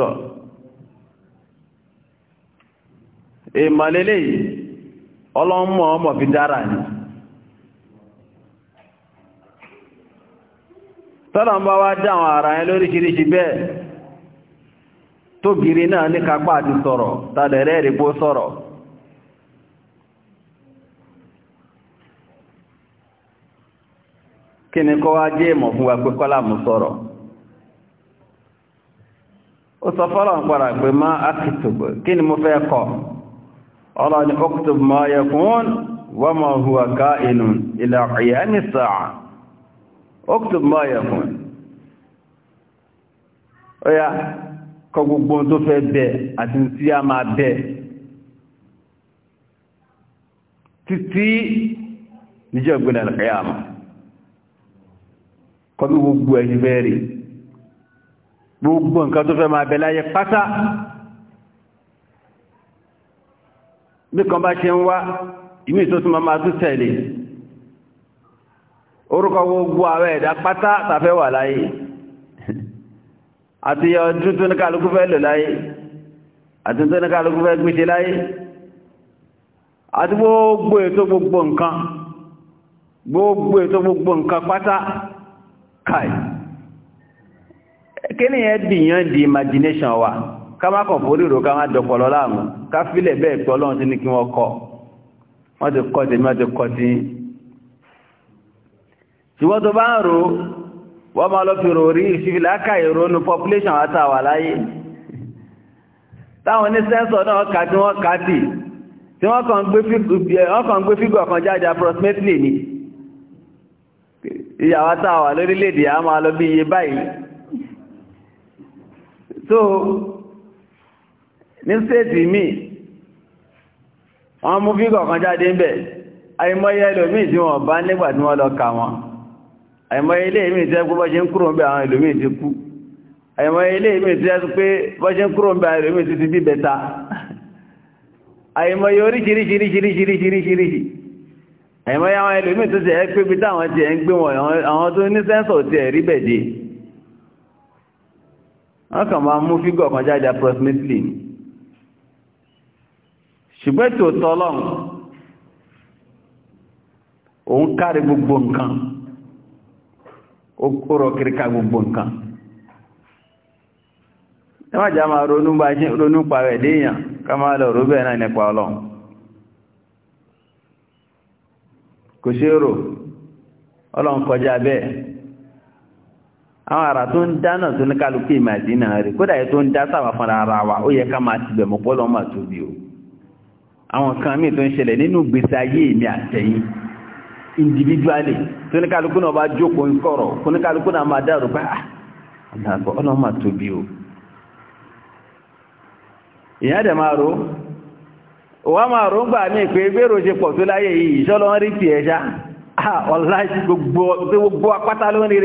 tọ́ ìmọ̀lélẹ́ yìí ọlọ́mọ ọmọ fi dára ní tọ́lọ̀ ń bá wá dá àwọn ara yẹn lóríṣiríṣi bẹ́ẹ̀ tó gírí náà ní kápá àti sọ̀rọ̀ tàdẹ̀rẹ́ ìrìgbó sọ̀rọ̀ kí ni kọ́ wá jẹ́ ìmọ̀ fún wa pé mú sọ̀rọ̀ ó sọ fọ́lọ̀ ń padà pé má akìtùbù kí ni mo fẹ́ kọ ọ̀rọ̀ ni ọkùtùbù ma yakun wa ma huwa ka'inun ila qiyam as-sa'a ọkùtùbù ma yakun ó yá kọ gbogbo tó fẹ́ bẹ àti tí a máa bẹ títí níjọ́ ìgbìnà al-qiyama bí gbogbo ẹni bẹ́ẹ̀ rí gbogbo nǹkan tó fẹ́ máa bẹ láyé pátá bí kan bá ṣe ń wá ìmí tó tún máa tún tẹ̀lé orúkọ gbogbo àwẹ́ ẹ̀dá pátá tàfẹ́ wà láyé àti ọdún tó ní kálukú fẹ́ lò láyé àti tó ní kálukú fẹ́ gbéṣe láyé àti gbogbo ètò gbogbo nǹkan gbogbo ètò gbogbo nǹkan pátá káì kíní yẹn beyond the imagination wa kama má kàn fórí ìrò ká má dọ̀pọ̀lọ́ láàmú ká fílẹ̀ bẹ́ẹ̀ pé ọlọ́run ti ní kí wọ́n kọ́ wọ́n ti kọ́ tèmi wọ́n ti kọ́ tí ṣùgbọ́n tó bá ń ro wọ́n máa lọ fi rò rí ìṣìfìlákà ìrònú population àtàwà láyé táwọn ní sẹ́ńsọ̀ náà ká tí wọ́n ká tì tí wọ́n kàn gbé fígọ̀ kan jáde approximately ni ìyàwó àtàwà lórílẹ̀-èdè a máa lọ iye báyìí so ní stéètì míì wọ́n mú fígọ̀ kan jáde ń bẹ̀ àìmọye ẹlòmíì tí wọ́n bá nígbà tí wọ́n lọ kà wọ́n àìmọye ilé ìmì tí ẹgbẹ́ bọ́ṣe ń kúrò ń bẹ̀ àwọn ẹlòmíì ti kú àìmọye ilé ìmì tí ẹgbẹ́ pé bọ́ṣe ń kúrò ń bẹ̀ àwọn ẹlòmíì ti ti bí bẹ̀ta àìmọye oríṣiríṣiríṣiríṣiríṣiríṣi àìmọye àwọn ẹlòmíì tó ti ẹ pé bí táwọn ti ẹ ń gbé wọn àwọn tó ní sẹ́ńsọ̀ ti ẹ̀ rí bẹ̀dẹ̀ wọ́n kàn máa mú fígọ̀ kan jáde approximately ni ṣùgbọ́n ètò tọ́lọ́run òun kárí gbogbo nǹkan ó rọ kiri ká gbogbo nǹkan ẹ má jà máa ronú bá ṣe ronú pa rẹ̀ léèyàn ká máa lọ rú náà nípa ọlọ́run kò ṣe rò ọlọ́run kọjá bẹ́ẹ̀ àwọn àrà tó ń dá náà tó ní kálukú ìmàdínà rẹ̀ kódà yẹ tó ń dá sáwà fúnra ara wa ó yẹ ká máa ti bẹ̀mọ̀ bọ́lọ́ máa tóbi o àwọn kan míì tó ń ṣẹlẹ̀ nínú gbèsè ayé mi àtẹ̀yìn individually tó ní kálukú náà bá jókòó ń kọ̀rọ̀ tó ní kálukú náà máa dárò pé àgbà ọlọ́ máa tóbi o ìyá dẹ̀ máa ro wọ́n máa ro ń gbà mí pé bẹ́rò ṣe pọ̀ tó láyé yìí ìṣọ́lọ́ ń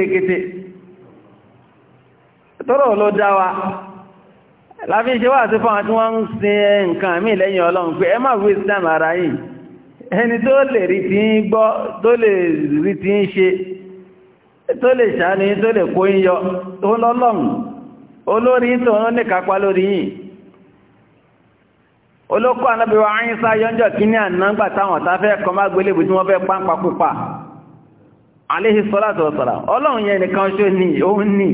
rekete tọ́rọ ló dá wa ṣe wà sí fún àti ń sin nǹkan mí lẹ́yìn ọlọ́run pé ẹ má islam ara yìí ẹni tó lè rí ti ń gbọ́ tó lè rí ti ń ṣe tó lè ṣàánú tó lè kó ń tó lọ́lọ́run olórí tó ń ní kápá lórí yìí olókọ́ anábíwá àyínsá yọ́njọ́ kí ní ànágbà táwọn kọ má tí wọ́n fẹ́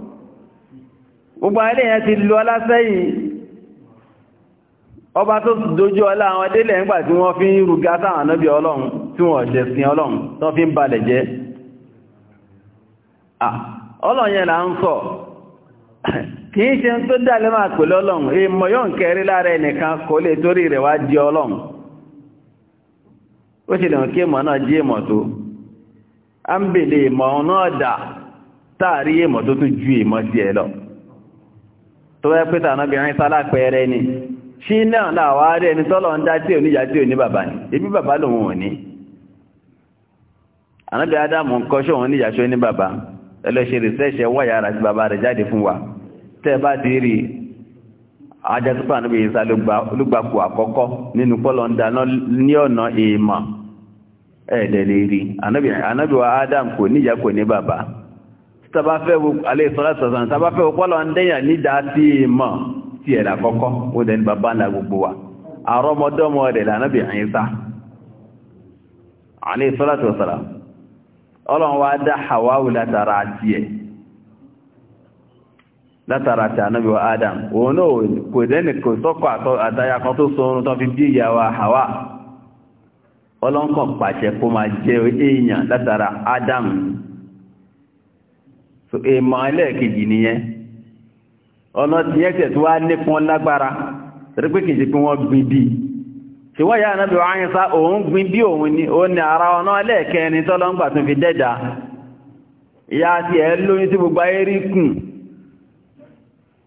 gbogbo ayé yẹn ti lọ alásẹ́yìn ọba tó dojú ọlá àwọn délẹ̀ gbà tí wọ́n fi ń rúgá sáwọn ànábì ọlọ́run tí wọ́n ṣẹ̀ sí ọlọ́run tó fi ń balẹ̀ jẹ́ ọlọ́run yẹn là ń sọ kì í ṣe tó máa yóò kẹrí kò lè torí rẹ̀ wá di ọlọ́run ó ṣe tó yẹ pé tànàbìnrin sálà pẹ̀ẹ́rẹ́ ni ṣí náà láwá rẹ̀ ní tọ́lọ̀ ń dá tí oníyà tí oní bàbá ní ibi bàbá lòun ò ní ànábì Ádámù ń kọ́ṣọ́ òun níyà ṣọ́ ní bàbá ẹlọ́ṣẹ́ rìsẹ́ṣẹ́ wáyà ara ti bàbá rẹ̀ jáde fún wa tẹ́ bá ti rí ajásúpà níbi ìsá lúgbàkù àkọ́kọ́ nínú pọ́lọ̀ ń dáná ní ọ̀nà tàbá fẹ́ wo alẹ́ ìsọ́lá sọ̀sán tàbá fẹ́ wo pọ́lọ̀ ń dẹ́yà ní dáàtí mọ̀ tí ẹ̀dà kọ́kọ́ ó dẹni bàbá ńlá gbogbo wa àrọ́mọdọ́mọ rẹ̀ lànàbì àyíṣà alẹ́ ìsọ́lá sọ̀sán ọlọ́run wá dá hawawu látara àti ẹ̀ látara àti ànábì wa adam òun náà kò dẹ́ni kò sọ́kọ̀ àtayà kan tó so oorun tó fi bí ìyá wa hawa ọlọ́nkàn pàṣẹ kó máa jẹ èèyàn látara adam so èèmọ̀ eh, ẹlẹ́ẹ̀kejì nìyẹn ọ̀nà tiẹ̀ tẹ̀ tó wá nípọn lágbára torí pé wọ́n gbin bí si ìyá ànábì wa ń sá òun gbin bí òun ni ó ní ara ọ̀nà ẹlẹ́ẹ̀kẹrin tọ́lọ́ngbà tún fi dẹ́dà ìyá ti ẹ̀ lóyún sí gbogbo ayé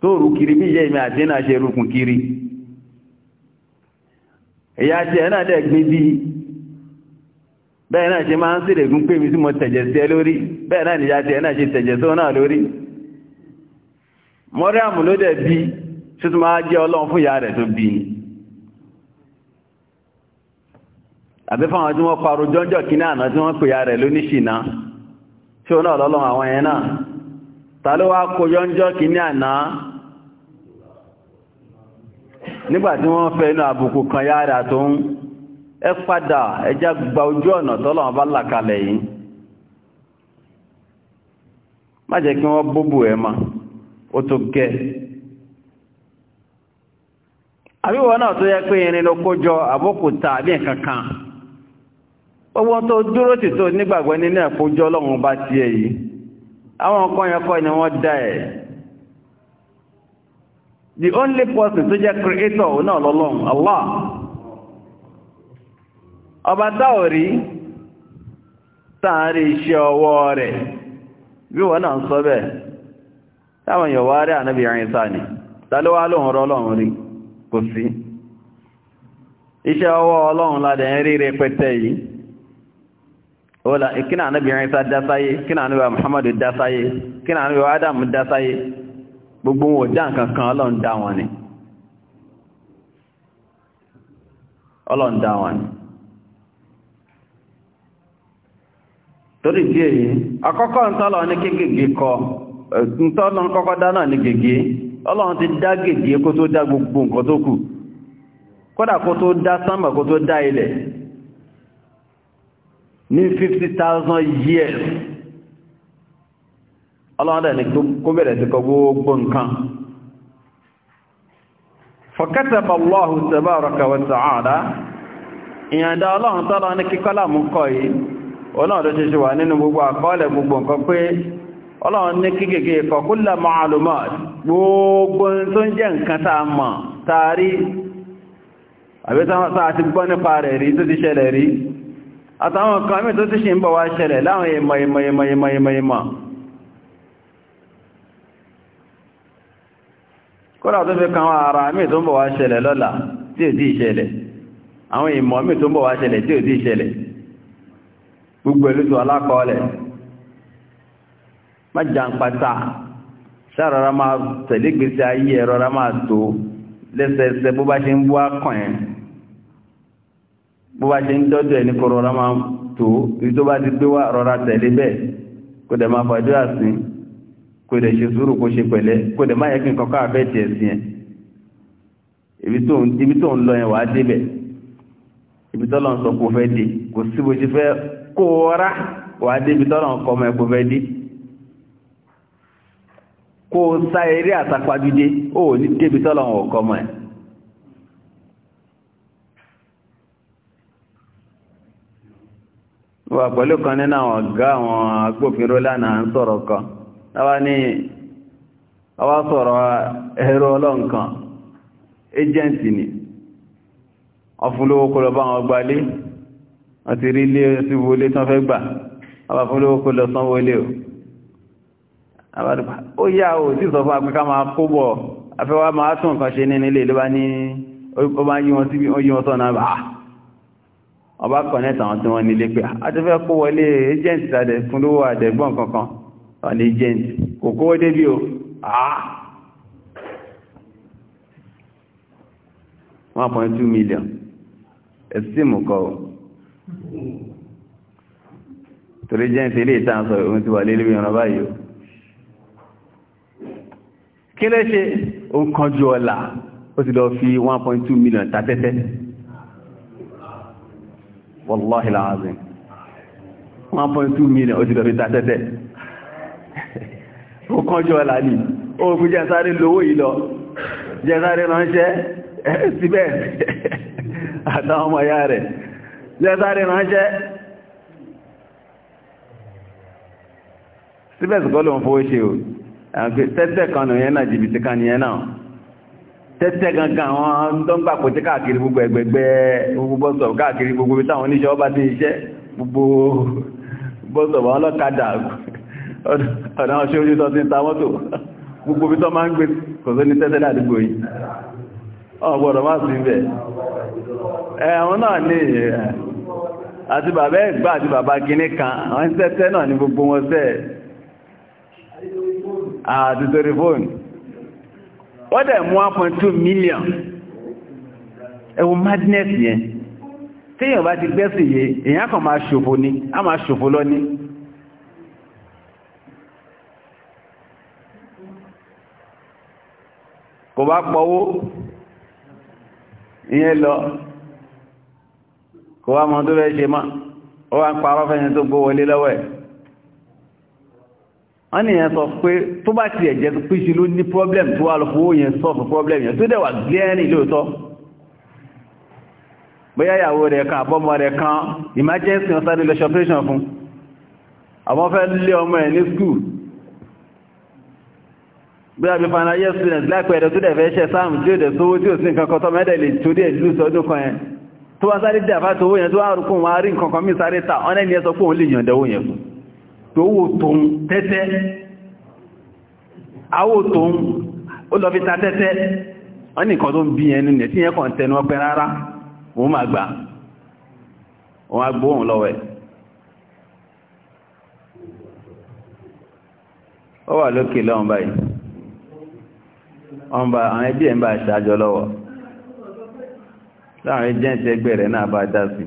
tó kiri bí àti náà ṣe rúkùn kiri ìyá ti ẹ̀ náà dẹ̀ gbin bí bẹ́ẹ̀ náà ṣe máa ń sílè gún pé mi sí mo tẹ̀jẹ̀ ẹ lórí bẹ́ẹ̀ náà nìyá tiẹ̀ náà ṣe tẹ̀jẹ̀ tó náà lórí mọ́ríàmù ló dẹ̀ bí tó tún máa ọlọ́run fún ìyá rẹ̀ tó bí ni àbí fáwọn tí wọ́n jọ́jọ́ kí àná tí wọ́n pè ìyá rẹ̀ lóníṣìná tí ó náà lọ́lọ́run àwọn ta àná nígbà tí wọ́n fẹ́ inú àbùkù kan ẹ padà ẹjá gba ojú ọ̀nà tọ́lọ́wọ́n bá là kalẹ̀ yìí má jẹ́ kí wọ́n bóbù ẹ ma ó tó gẹ́ àbíwọ̀ náà tó yẹ pé irin ló kójọ àbókúta àbí nǹkankan gbogbo tó dúró tì tó nígbàgbọ́ nínú ẹ̀kójọ ọlọ́run bá tiẹ̀ yìí àwọn nǹkan ni wọ́n dá ẹ̀ the only person tó jẹ́ creator náà lọ́lọ́run Allah ọba dáòrí sáàrí iṣẹ́ ọwọ́ rẹ̀ bí wọ́n náà sọ bẹ̀ táwọn yọ̀ wá rí ànábì ni tàlówá lóhun rọ́lọ́run rí kò sí iṣẹ́ ọwọ́ ọlọ́run ládẹ̀ ń rí yìí ola ọlọ́run torí bí èyí akọ́kọ́ ntọ́lọ ní kọ ntọ́lọ kọ́kọ́ dáná ní gègé ọlọ́run ti dá gègé kó tó dá gbogbo nǹkan tó kù kó tó dá sánmà kó tó dá ilẹ̀ ní 50,000 years ọlọ́run dẹ̀ ní kó bẹ̀rẹ̀ sí kọ gbogbo nǹkan ọ̀nà tó ṣe ṣe wà nínú gbogbo àkọọ́lẹ̀ gbogbo nǹkan pé ọlọ́run ní kíkèké kọkúlà ma'alùmọ́ gbogbo tó ń jẹ́ nǹkan tá a mọ̀ tààrí àbítá ti gbọ́ nípa rẹ̀ rí tó ti ṣẹlẹ̀ rí àtàwọn kan mí tó ti ṣe ń bọ̀ wá ṣẹlẹ̀ láwọn ìmọ̀ ìmọ̀ ìmọ̀ ìmọ̀ ìmọ̀ ìmọ̀ kódà gbogbo ẹlẹ́tọ̀ alákọọ́lẹ̀ má jàǹpátá ṣàrọ̀rọ̀ máa tẹ̀lé gbèsè ayé ẹ̀rọ̀rọ̀ máa tó lẹ́sẹẹsẹ bó bá ṣe ń bú akàn ẹ̀ bó bá ṣe ń dọ́dọ̀ ẹni kọ rọra máa tó ibi tó bá ti gbé wá rọra tẹ̀lé bẹ́ẹ̀ kò dẹ̀ máa fàájú àsìn kò dẹ̀ ṣe sùúrù kó ṣe pẹ̀lẹ́ kò dẹ̀ máa yẹ kí nǹkan káà bẹ́ẹ̀ tiẹ̀ sí ẹ̀ ibi tó ń lọ yẹn wàá débẹ̀ ibi tó lọ sọ kó fẹ́ dé kò sí bó fẹ́ kó rá wà débi tọ́nà ọkọ̀ ọmọ ẹ̀kọ́ fẹ́ dé kó sá eré àtàpàdúdé ó ní débi tọ́nà ọkọ̀ ọmọ ẹ̀ wà pẹ̀lú kan nínú àwọn ọ̀gá àwọn agbófinró lánàá ń sọ̀rọ̀ kan láwá ní àwa sọ̀rọ̀ ẹ̀rọ ọlọ́nkan agent ni ọ̀fúnlówó kọlọ bá wọ́n ti rí ilé sí wọlé tán fẹ́ gbà àbáfólówó kó lọ sanwó ilé o ó yá o tí sọ fún apẹ́ká máa kó bọ̀ afẹ́wà máa tún nǹkan ṣe ní ilé ló bá ní ó bá yí wọn síbi ó yí wọn sọ́nà bá ọba kọ̀nẹ́tà wọn tí wọ́n nílé pé a ti fẹ́ kó wọlé agent àdẹ̀ fún lówó àdẹ̀gbọ́n kankan wọ́n ní agent kò kówó débí o one point two million ẹ̀sìmù kọ́ o torí jẹ́ ìtìlé ìtàn sọ ohun ti wà lérí ìran báyìí o kí ló ṣe ó ń kánjú ọlà ó ti lọ fi 1.2 million tàtẹ́tẹ́ wallahi láàrín 1.2 million ó ti lọ fi tàtẹ́tẹ́ ó kánjú ọlà ní ó fi jẹ́ sáré lówó yìí lọ jẹ́ ránṣẹ́ síbẹ̀ àtàwọn ọmọ ya rẹ̀ lẹ́sàrí ránṣẹ́ síbẹ̀sìkọ́ ló ń fowó ṣe o tẹ́tẹ́ kan nìyẹn náà jìbìtì kan nìyẹn náà tẹ́tẹ́ gangan àwọn tó ń gbà kò tí káàkiri gbogbo ẹgbẹ̀gbẹ́ gbogbo bọ́sọ̀ káàkiri gbogbo bí táwọn oníṣẹ́ ọba ti iṣẹ́ gbogbo bọ́sọ̀ wọn lọ́kadà ọ̀nà ọ̀ṣẹ́ ojú tó ti ń ta mọ́tò gbogbo bí tó máa ń gbé kò sí ní tẹ́tẹ́ ládùúgbò yìí ọ̀gbọ̀dọ̀ má sí bẹ́ẹ̀ ẹ̀wọ̀n náà ní ẹ̀ àti bàbá ẹ̀gbà àti bàbá gíní kan àwọn ìṣẹ́ṣẹ́ náà ní gbogbo wọn sẹ́ àti torí fóònù ó dẹ̀ mú 1.2 million ẹwọ madness yẹn tí èyàn bá ti gbẹ́sì yé èyàn kan máa ṣòfò ní a máa ṣòfò lọ ní kò bá pọ̀wó ìyẹn lọ kò wá mọ́ tó fẹ́ ṣe máa ó wá ń parọ́ fẹ́yìn tó gbó wọlé lọ́wọ́ ẹ̀ wọ́n ni ìyẹn sọ pé tó bá ti ẹ̀jẹ́ tó pín sí ló ní problem tó wà lọ́fọ́ yẹn sọ fún problem yẹn tó dẹ̀wà glẹ́ẹ̀rìn lóòótọ́ bóyá ìyàwó rẹ̀ kan àbọ́mọ rẹ̀ kan emergency ọ̀sán ní lọ́sọpẹ́ṣọ̀ fún àwọn fẹ́ lé ọmọ ẹ̀ school bóyá bí fana yẹ́ students láìpẹ́ ẹ̀dẹ̀ tó dẹ̀ fẹ́ ṣẹ́ sáàmù tí ó dẹ̀ sówó tí ó sí nǹkan kan tó mẹ́dẹ̀ lè torí ẹ̀ lùsọ ọdún kan yẹn tó wá sáré dẹ̀ àfáà tówó yẹn tó wá rúkún wọn rí nǹkan kan mí sáré ta ọ́nà ẹni ẹsọ fún òun lè yànjẹ́ owó yẹn fún tó wò wà lókè lọ́wọ́ báyìí àwọn ẹbí ẹ̀ ń bá ṣájọ lọ́wọ́ láàrin jẹ́ǹtì ẹgbẹ́ rẹ̀ náà bá dá sí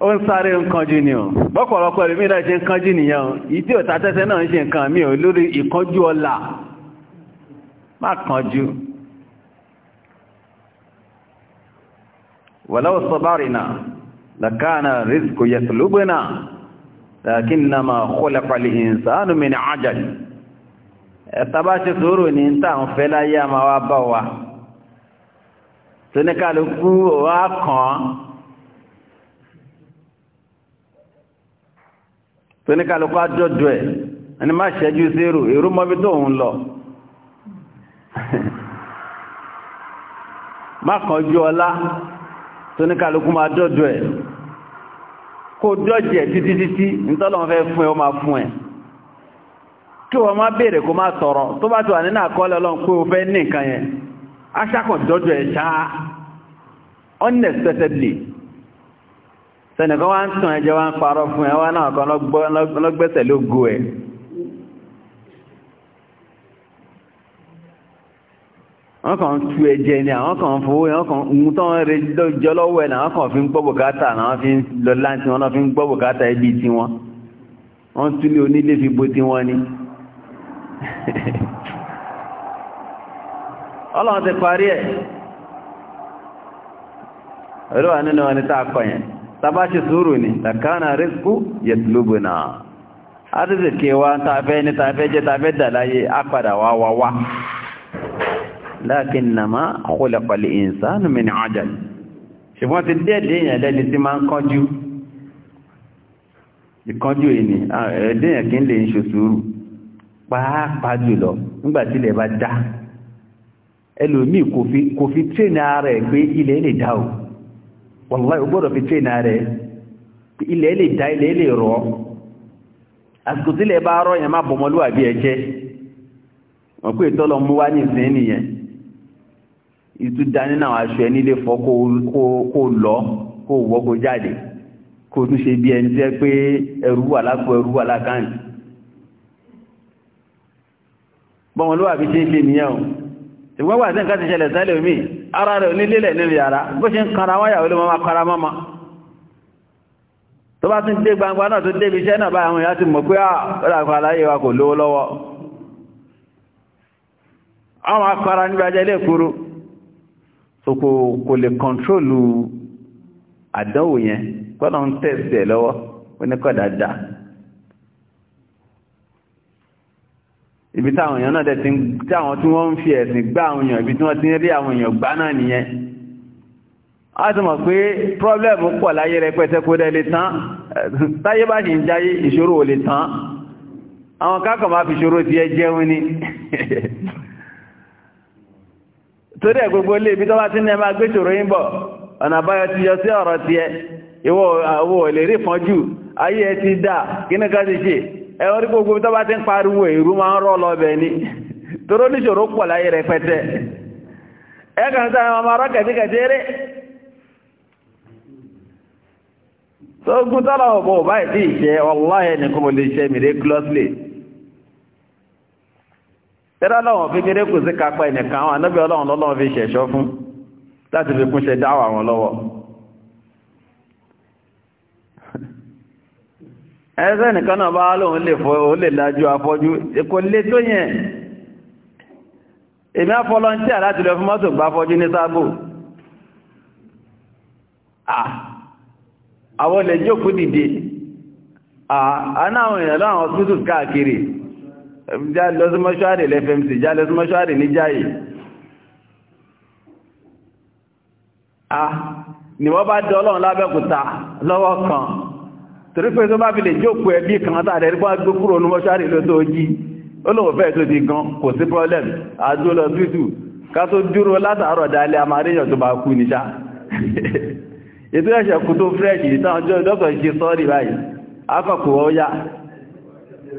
ó ń sáré ń kánjú ni ọ̀ bọ́pọ̀lọpọ̀ rẹ̀ mìíràn ṣe ń kánjú nìyàn ìdí ò tàtẹ́sẹ́ náà ń ṣe nǹkan mí ò lórí ìkánjú ọlà má kánjú wọ̀lọ́wọ́ sọ bá rìnà làkánà rìsíkò yẹ̀tùlúgbẹ́nà lakinnama khulaqa al-insanu min ajal ẹ̀tàbá ṣe sòrò ní ta ń fẹ́ láyé a máa wá bá wa tó ní kálukú wá kàn tó ní kálukú àjọ́jọ́ ẹ̀ ẹni má ṣẹ́jú sérò èrò mọ́bí tó ń lọ má kànjú ọlá tó ní kálukú máa jọ́jọ́ ẹ̀ kò dọ́jẹ̀ títí títí nítọ́lọ́wọ́n fẹ́ fún ẹ o máa fún ẹ kí wọ́n má bèèrè kó tọrọ tó bá wà nínú àkọọ́lẹ̀ ní ẹ wọ́n kàn tú ẹ̀jẹ̀ ni àwọn kàn fowó yẹn kàn ń tán rẹ lọ́jọ́ lọ́wọ́ ẹ̀ náà kàn fi ń gbọ́ bùkátà náà fi ń lọ láǹtí wọn náà fi ń gbọ́ bùkátà ẹbí tí wọn wọ́n túlé onílé fi bo tí wọ́n ni. ọlọ́run ti parí ẹ̀ olúwa nínú wọn ni tá a kọ yẹn tábà ṣe sùúrù ni làkàna rẹ́síkú yẹtùlógbò náà á ti sì kí wa tá a fẹ́ ní tá a fẹ́ jẹ́ tá a fẹ́ dà láyé á padà wá wá wá. lákínàmá kólẹ̀pàlì ìsánù mi ní ọjà ṣùgbọ́n ti dẹ́ẹ̀dẹ́ èèyàn lẹ́ni tí máa ń kánjú ìkánjú èèyàn ẹ̀dẹ́yàn kí ń lè ń ṣòṣùúrù pàápàá jùlọ nígbàtí le bá dá ẹlòmíì kò fi tréna rẹ̀ pé ilẹ̀ lè dá o wàláhì o fi ile rẹ̀ ilẹ̀ lè dá ìtúdá nínú àwọn aṣọ ẹni lè fọ́ kó lọ kó wọ́ kó jáde kó tún ṣe bí ẹni tẹ́ pé ẹrú wà lápò ẹrú wà lákàntì bọ́n ló wà bí ṣe ń lè nìyàn ṣùgbọ́n wà sí nǹkan ti ṣẹlẹ̀ sẹ́lẹ̀ omi ara rẹ̀ onílélẹ̀ nínú yàrá bó ṣe ń kara wáyà olè mọ́má kara mọ́má tó bá tún dé gbangba náà tó débi iṣẹ́ náà bá ìyá ti mọ̀ pé ah, àpàá aláyé wa kò lówó lọ́wọ́ àwọn akọra níbi ajẹ́ kúrú so kò kò lè kọ̀ntrólù àdánwò yẹn gbọ́dọ̀ ń tẹ̀sí ẹ̀ lọ́wọ́ oníkọ̀ dáadáa ibi táwọn èèyàn náà tẹ̀sí táwọn tí wọ́n ń fi ẹ̀sìn gbá àwọn èèyàn ibi tí wọ́n ti ń rí àwọn èèyàn gbá náà nìyẹn a ti mọ̀ pé pọ́blẹ̀mù pọ̀ láyé rẹpẹtẹ kó dẹ̀ lè tán táyé bá ṣe ń jáyé ìṣòro ò lè tán àwọn kákọ̀ máa fi ṣòro ti ẹ jẹun ni torí ẹ̀ gbogbo ilé ibi tó bá ti ní ẹ máa gbé ṣòro yín ọ̀nà àbáyọ ti yọ sí ọ̀rọ̀ ti ẹ lè rí jù ayé ti dà kíní ká ti ṣe ẹ wọ́n rí gbogbo tó bá ti ń pariwo ìrú máa ń rọ́ lọ bẹ̀ ni toró níṣòro pọ̀ láyé ẹ kàn tó gún tọ́lọ̀ tẹ́rẹ ọlọ́run fi kéré kù sí kápá ẹnìkan àwọn anábí ọlọ́run lọ́lọ́run fi ṣẹ̀ṣọ́ fún láti fi kún ṣe dáwà wọn lọ́wọ́ ẹ̀ẹ́sẹ́ nìkan náà bá lóun lè fọ́ ó lè lájú afọ́jú èkó lé tó yẹn lọ fún mọ́tò gbá fọ́jú ní sábò àwọn jókòó dìde àwọn èèyàn já lọ sí mọ́ṣúárì lẹ́fẹ̀mc já lọ sí mọ́ṣúárì ní jáyì a ni wọ́n bá dẹ ọlọ́run lábẹ́kúta lọ́wọ́ kan torí pé tó bá fi lè jókòó ẹbí kan tààrẹ rí wọ́n gbé kúrò ní mọ́ṣúárì ló tó jí olóòwò fẹ́ tó ti gan kò sí problem àdúró lọ tútù ká tó dúró látàárọ̀ dalẹ́ amáríyàn tó bá kú níṣá ètò ẹ̀ṣẹ̀ kú tó fresh ìtàn ọjọ́ dọ́kọ̀ ṣe sọ́ọ̀rì báyìí akọ̀kọ̀ ọ̀yá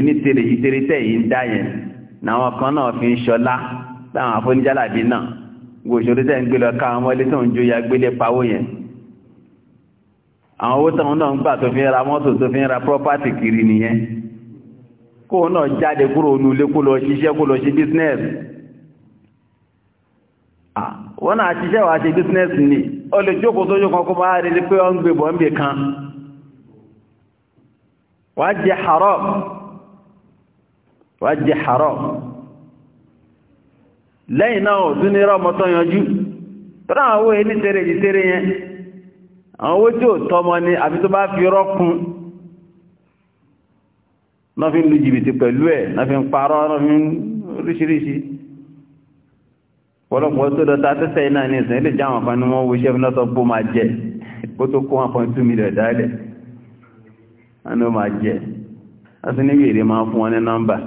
ní tèrè yìí tèrè tẹ́ yìí ń dá yẹn náwọn kan náà fi ń ṣọlá láwọn afọ́nijálàbí náà gbòṣòro tẹ́ ń gbé lọ ká àwọn ọmọlé tó ń jó ya gbélé pawó yẹn àwọn owó táwọn náà ń gbà tó fi ń ra mọ́tò tó fi ń ra property kiri nìyẹn kó náà jáde kúrò onúlé kó lọ ṣiṣẹ́ kó lọ ṣe business wọ́n náà ṣiṣẹ́ wà ṣe business ni ó lè jókòó tó jókòó kó máa rí pé ó ń gbé bọ́ kan wá jẹ haram wá jẹ haram lẹ́yìn náà ò tún ní rọ́mọ tó yanjú tọ́rọ àwọn owó ẹni tẹ́rẹ jì tẹ́rẹ yẹn àwọn owó tí ò tọ́mọ ni àbí tó bá fi rọ́kún náà fi ń lu jìbìtì pẹ̀lú ẹ̀ náà fi ń parọ́ náà fi ń ríṣiríṣi pọ̀lọpọ̀ tó dọ́ta tẹ́sẹ̀ iná ní ìsìn ilé jáwọn kan ní wọ́n wo iṣẹ́ fúnlọ́tọ̀ bó máa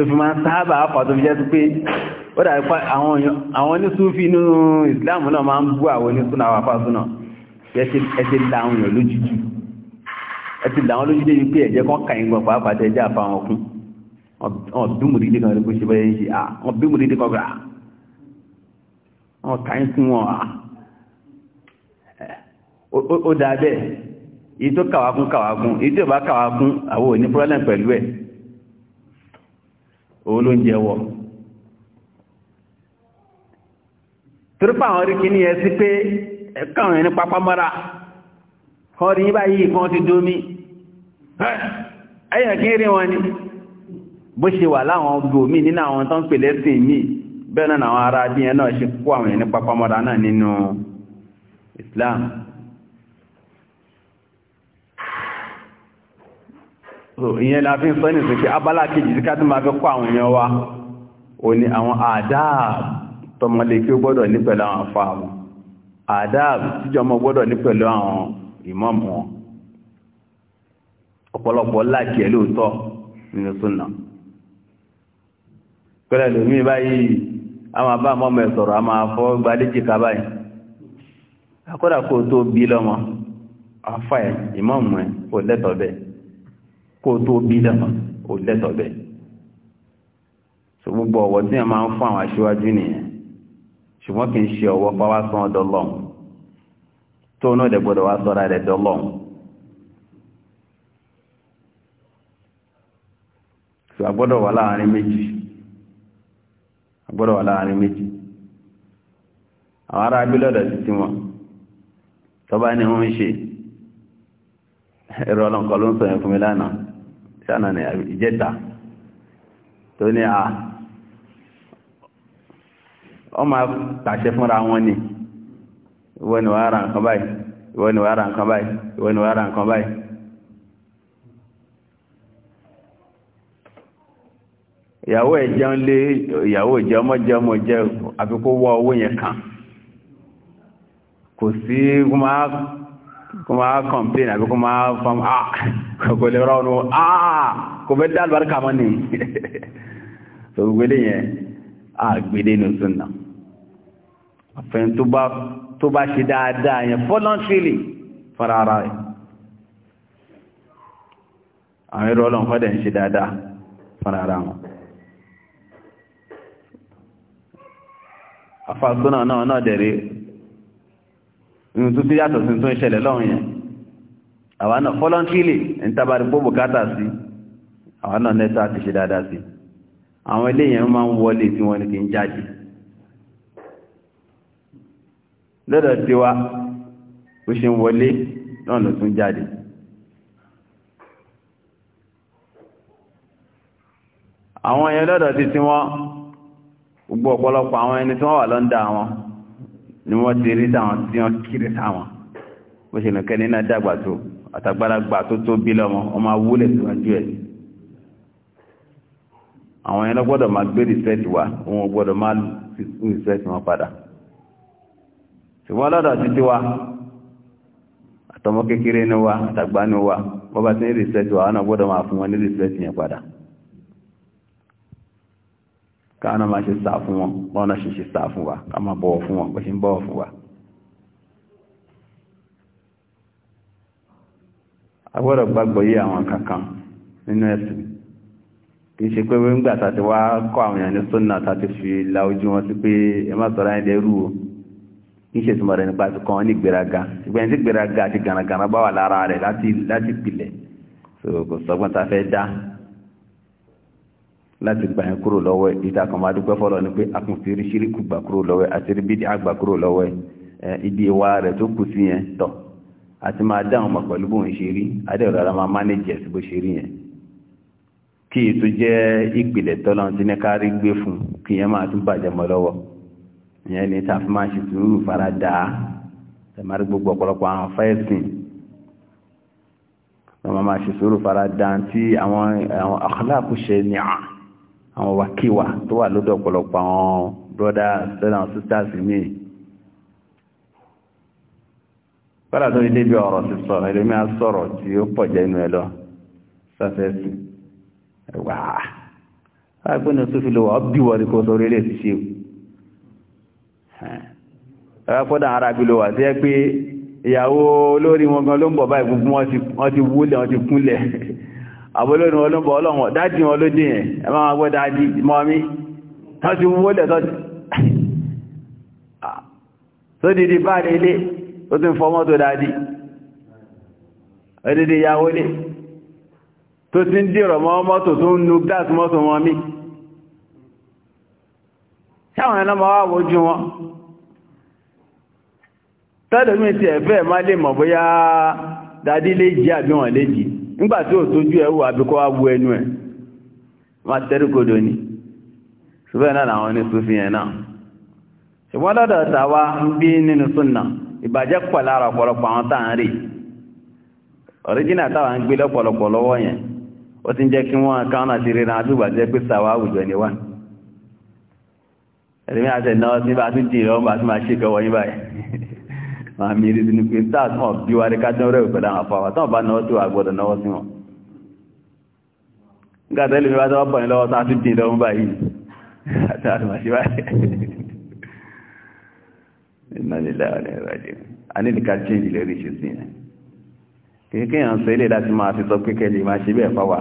tó fi máa sáábà àpà tó fi jẹ́ pé ó dà pé àwọn onísúfí inú ìsìláàmù náà máa ń bú àwọn onísúnà àwọn àfásúnà ẹ̀ṣẹ̀ láwọn èèyàn lójújú ẹ̀ṣẹ̀ láwọn lójú débi pé ẹ̀jẹ̀ kan kàyìn gbọ̀n pàápàá tẹ́ jẹ́ àfà wọn kún wọn bímùdídé kan rí bó ṣe bẹ́ẹ̀ ṣe ah, ah. wọn bímùdídé kan gbà wọn kàyìn kún wọn ó dáa bẹ́ẹ̀ èyí tó kàwákún kàwákún èyí tó bá kàwákún àwọn òní pírọ́lẹ̀ pẹ̀lú ẹ̀ òun ló wọ torípa àwọn orí kìíní ẹ sí pé ẹ̀kọ́ ẹni pápámọ́ra kan rí báyìí kan ti domi ẹ̀yàn kí rí wọn ni bó ṣe wà láwọn gbòmí nínú àwọn tó pè lẹ́sìn bẹ́ẹ̀ náà àwọn ará bí ẹ náà ṣe kó àwọn ẹni náà nínú Islam ìyẹn la fi ń sọ ní ìsìnkú abala kejì tí ká tí máa fi kọ́ àwọn èèyàn wa o ní àwọn àdáàb tọmọlé kí ó gbọ́dọ̀ ní pẹ̀lú àwọn afọ àwọn àdáàb tíjọ ọmọ gbọ́dọ̀ ní pẹ̀lú àwọn ìmáàmù wọn ọ̀pọ̀lọpọ̀ láàkì ẹ̀ lóòótọ́ nínú súnà pẹ̀lẹ́ lómi báyìí a máa bá mọ́mọ́ ẹ̀ a máa fọ́ gbadéjì ká báyìí akọ́dà kó tó bí lọ́mọ afọ ẹ̀ ìmáàmù ẹ̀ kò lẹ́tọ̀ọ́ bẹ́ẹ̀ kó tó bí lẹ́mọ̀ ò lẹ́tọ̀ bẹ́ẹ̀ so gbogbo ọ̀wọ̀ tí wọ́n máa ń fún àwọn aṣíwájú nìyẹn ṣùgbọ́n kì í ṣe ọ̀wọ́ pa wá sán ọ̀dọ̀ lọ́hùn tó náà dẹ̀ gbọ́dọ̀ wá sọ́ra rẹ̀ dọ̀ lọ́hùn so agbọ́dọ̀ wà láàrin méjì agbọ́dọ̀ wà láàrin méjì àwọn ará abílọ̀dọ̀ sí tí wọn tọ́ba ni wọ́n ń ṣe ẹ̀rọ ọlọ́nkọ ló ń sọ yẹn fún mi lánàá sánà ní ìjẹta tó ní a ọ ma tàṣẹ fúnra wọn ni ìwọ ni wàá ra nǹkan báyìí ìwọ ni wàá nǹkan báyìí ni nǹkan báyìí. ìyàwó lé ìyàwó ìjẹ ọmọ jẹ ọmọ jẹ àfikún wọ owó yẹn kan kò sí máa kò máa kọ̀mplain àbí kò máa fam ah kò lè rọ ah kò fẹ́ dá àlùbáríkà mọ́ ni e tó gbélé ah àgbélé ní sunna àfẹ́ tó bá ṣe dáadáa yẹn voluntarily fara ara rẹ̀ àwọn ẹ̀rọ ọlọ́run fọ́dẹ̀ ń ṣe dáadáa fara ara wọn afásúnà náà náà dẹ̀rẹ̀ ìrìn tó ti yàtọ̀ sí tó ń ṣẹlẹ̀ lọ́run yẹn àwa náà fọ́lọ́ntìlì ń tabari pó bùkátà sí àwa náà nẹ́ta ti ṣe dáadáa sí àwọn eléyẹn máa ń wọlé tí wọ́n ní kí ń jáde lọ́dọ̀ tiwa ó ṣe ń wọlé náà ló tún jáde àwọn yẹn lọ́dọ̀ ti tí wọ́n gbogbo ọ̀pọ̀lọpọ̀ àwọn ẹni tí wọ́n wà lọ́ndà wọn ni wọ́n ti rí táwọn tí wọ́n kiri táwọn bó ṣe nìkan ní náà dàgbà tó àtàgbàlagbà tó tó bí lọ́mọ ọmọ awúlẹ̀ síwájú ẹ̀ àwọn ẹ̀nà gbọ́dọ̀ máa gbé rìsẹ́ẹ̀tì wa wọn gbọ́dọ̀ máa lù rìsẹ́ẹ̀tì wọn padà ṣùgbọ́n lọ́dọ̀ títí wa àtọmọ kékeré ní wa àtàgbà ní wa bọ́bá tí ní rìsẹ́ẹ̀tì wa wọn gbọ́dọ̀ máa fún wọn ní rìsẹ́ẹ̀tì yẹn padà káàna máa ṣe sáà fún wọn lọ́nà ṣe ṣe sáà fún wa ká máa bọ̀wọ̀ fún wọn bó ṣe ń bọ̀wọ̀ fún wa agbọ́dọ̀ gbàgbọ́ yí àwọn kankan nínú ẹ̀sìn kì í ṣe pé wọ́n gbà tàti wá kọ́ àwọn èèyàn ní sọ́nà tàti fi la ojú wọn sí pé ẹ má sọ̀rọ̀ ẹ̀dẹ̀ rú o kì í ṣe túnmọ̀ rẹ̀ nípa ti kọ́ wọn ní gbéraga ṣùgbọ́n ẹni tí gbéraga àti gànàgànà bá wà lára rẹ̀ láti ìpìlẹ̀ so kò sọgbọ́n ta fẹ́ dá láti gbà yẹn kúrò lọ́wọ́ ẹ̀ ìta kan máa dúpẹ́ fọ́lọ́ ni pé akùnfin rí ṣíríkù gbà kúrò lọ́wọ́ ẹ̀ àti rí bídí àgbà kúrò lọ́wọ́ ẹ̀ ibi ìwà rẹ̀ tó kù sí yẹn tọ̀ àti máa dá àwọn pẹ̀lú bóun ṣe rí adéọ̀rọ̀ ara máa mánéjì ẹ̀sìn bó ṣe rí yẹn kí ètò jẹ́ ìpìlẹ̀ tọ́lọ́n ti ní ká rí gbé fún kí yẹn máa tún bàjẹ́ mọ́ lọ́wọ́ ìyẹn ni tá a fi máa ṣe sùúrù fara dà á tẹ̀márí gbogbo ọ̀pọ̀lọpọ̀ àwọn fẹ́ẹ̀sìn wọ́n máa ṣe sùúrù fara dà tí àwọn àkọlá ní à àwọn wàkíwà tó wà lọ́dọ̀ ọ̀pọ̀lọpọ̀ àwọn brothers brothers and sisters mi kọ́lá tó ní débi ọ̀rọ̀ sí sọ̀rọ̀ ẹlòmí á sọ̀rọ̀ tí ó pọ̀ jẹ́ inú ẹ lọ sáfẹ́sì wà á pé ní sófin lówà ó bí wọ́n kó sórí ilé ti ṣe ẹ̀rọ pọ́dà ara bí lówà tí ẹ pé ìyàwó olórí wọn gan ló ń bọ̀ báyìí gbogbo wọn ti wúlẹ̀ wọn ti kúnlẹ̀ àbólónú olóńbọ̀ ọlọ́wọ̀n dájí wọn ló dé yẹn ẹ máa gbọ́ dájí mọ́mí tán ti wó lẹ̀ tọ́jú tó ah. dìdí bá rí ilé ó tún fọmọ́ tó dájí ẹdìdí ìyàwó lè tó ti ń dìrọ̀ mọ́ mọ́tò tó ń nu gas mọ́tò mọ́mí sáwọn ẹ̀nà máa wá wojú wọn tẹ́lẹ̀mí ti ẹ̀fẹ́ má lè mọ̀ bóyá dádí nígbà tí ò tójú ẹ̀ wò àbíkọ́ wá bu ẹnu ẹ̀ má tẹ́rìkọ́dọ̀ ni ṣùgbọ́n náà làwọn ní sùfì yẹn náà ṣùgbọ́n lọ́dọ̀ tàwa ń bí nínú súnà ìbàjẹ́ pọ̀ lára ọ̀pọ̀lọpọ̀ àwọn tá à ń rí ọ̀ríjìnà táwa ń gbé lọ́pọ̀lọpọ̀ lọ́wọ́ yẹn ó ti ń jẹ́ kí wọ́n káwọn àti ríran àdúgbà jẹ́ pé sàwà àwùjọ ni wà ẹ̀rí mi àti ẹ̀nà ọtí bá bá tún máa máa mi rí sínú pé sáà tán bí wárí kájọ́ rẹ̀ pẹ̀lú àwọn afọ́wà tán bá náwó tí wà gbọ́dọ̀ náwó sí wọn nígbà tẹ́lẹ̀ mi bá tọ́wọ́ pọ̀ ní lọ́wọ́ tán ti dín lọ́wọ́ báyìí àtàwọn àṣíwáyé iná nílẹ̀ ọ̀rẹ́ ìrọ̀jẹ̀ a ní ìdíkà change lórí ìṣesí yẹn kéèké yàn sọ ilé láti máa fi sọ pé kẹ́lẹ̀ máa ṣe bẹ́ẹ̀ fáwà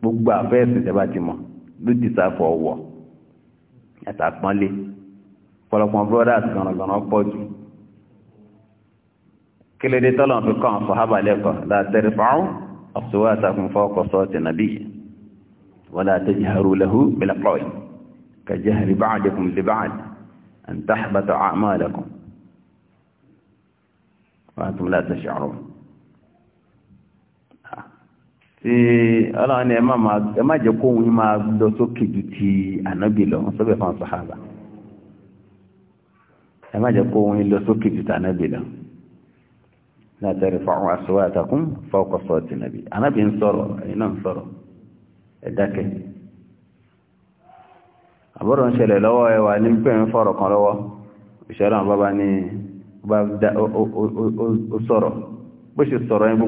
gbogbo àfẹ́ẹ̀sì ìjọba ti mọ̀ ló ti sáfọ̀ ọ̀wọ̀ àtàpọ́nlé ọ̀pọ̀lọpọ̀ brothers kan lọ́nà pọ̀ jù kí ló dé tọ́lọ̀ fi kọ́ àwọn sọ̀hábà lẹ́kọ̀ọ́ la tarfa'u aswatakum fawqa sawti nabiy wala tajharu lahu bil qawl ka jahri ba'dikum li ba'd an tahbata a'malakum wa antum la tash'urun tí ọlọ́run ni ẹ má jẹ́ kóhun máa lọ sókè ju ti ànábì lọ sọ́bẹ̀ fún sọ̀hábà ẹ má jẹ́ kóhun lọ sókè ju ti ànábì lọ لا ترفعوا أصواتكم فوق صوت النبي أنا بينصروا أين انصروا الدكة àbúrò ń ṣẹlẹ̀ lọ́wọ́ ẹwà ní pé ń kan lọ́wọ́ ìṣẹ́lẹ̀ bàbá ní o ó sọ̀rọ̀ bó ṣe sọ̀rọ̀ yẹn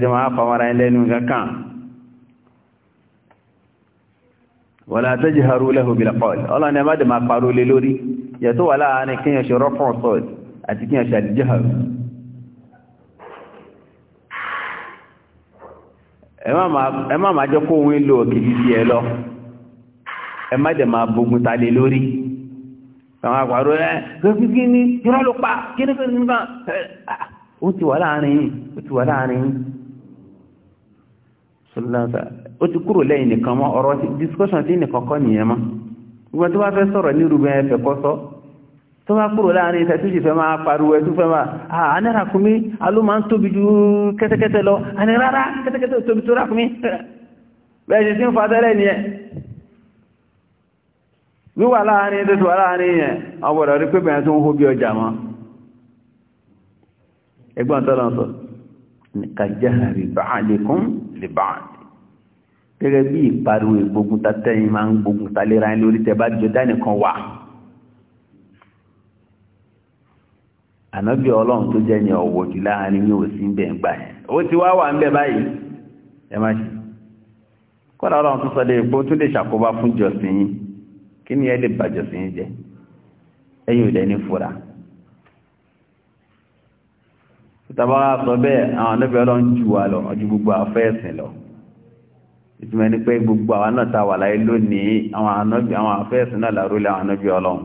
gbogbo wọ́n na jẹ́ haru lẹ́hùn bí lọ́pọ̀lì ọlọ́ni ẹ má dẹ̀ máa paró lé lórí yẹ̀tọ́ wà láàárín kí yẹn ṣe rọ́pọ̀ sọ́ọ̀dì àti kí yẹn ṣe àdìjẹ́ haru lọ ma bogun ta pa ni ti ó ti kúrò lẹ́yìn nìkan mọ́ ọ̀rọ̀ discussion tí nìkan kọ́ nìyẹn mọ́ gbogbo tó bá fẹ́ sọ̀rọ̀ ní rúgbìn ẹ̀fẹ̀ kọ́ sọ́ tó bá kúrò láàrin ìfẹ́ tó sì fẹ́ máa pariwo ẹ̀tún fẹ́ máa àánẹ́rakúnmí aló máa ń tóbi ju kẹ́tẹ́kẹ́tẹ́ lọ àní rárá kẹ́tẹ́kẹ́tẹ́ tóbi tó rákúnmí bẹ́ẹ̀ sì tí ń fa tẹ́lẹ̀ nìyẹn wíwà rí pépẹ̀ tó ń hó bí lè gẹ́gẹ́ bí ìparu ìgbógun tẹ́yìn máa ń gbógun lera ẹni orí tẹ́ bá jọ dánìkan wà ànábì ọlọ́run tó jẹ́ ní ọ̀wọ̀ jù láàrin ní òsín bẹ̀ ń gbà yẹn ó ti wá wà ń bẹ̀ báyìí ẹ má ṣe ọlọ́run de lè ṣàkóbá fún jọ̀sìn yín kí ni ẹ lè jọ̀sìn yín fura tàbá sọ bẹ́ẹ̀ àwọn ànábì ọlọ́run lọ gbogbo àfẹ́ ẹ̀sìn lọ ìtumọ̀ ní pé gbogbo àwọn náà ta wà láyé lónìí àwọn ànábì àwọn afẹ́ẹ̀sì náà lárólé àwọn ànábì ọlọ́run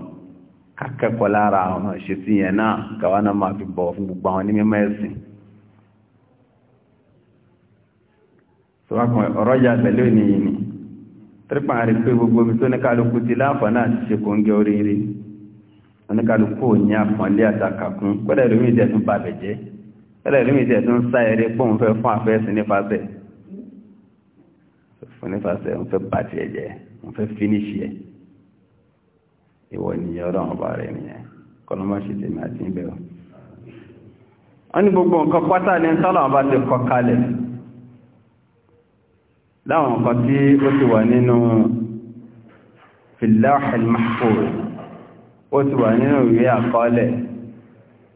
kákẹ́kọ̀ọ́ lára àwọn ìṣesí yẹn náà káwa náà máa fi bọ̀ fún gbogbo àwọn onímọ̀ ẹ̀sìn sọ́wọ́kùn ọ̀rọ̀jà pẹ̀lú ènìyàn ni trípa rí pé gbogbo omi tó ní kálukú ti láàfà náà ti ṣe kò onífàṣẹ ń fẹ́ bá tiẹ̀ jẹ́ ń fẹ́ fínísì ẹ̀ ìwọ nìyẹn ọlọ́run ọba rẹ̀ nìyẹn kọlọmọṣì tèmi àti ń bẹ̀rù wọ́n ní gbogbo nǹkan pátá ní tọ́lọ̀wọ́n bá ti kọ kalẹ̀ láwọn nǹkan tí ó ti wà nínú fil-lawhil mahfuz ó ti wà nínú ìwé àkọọ́lẹ̀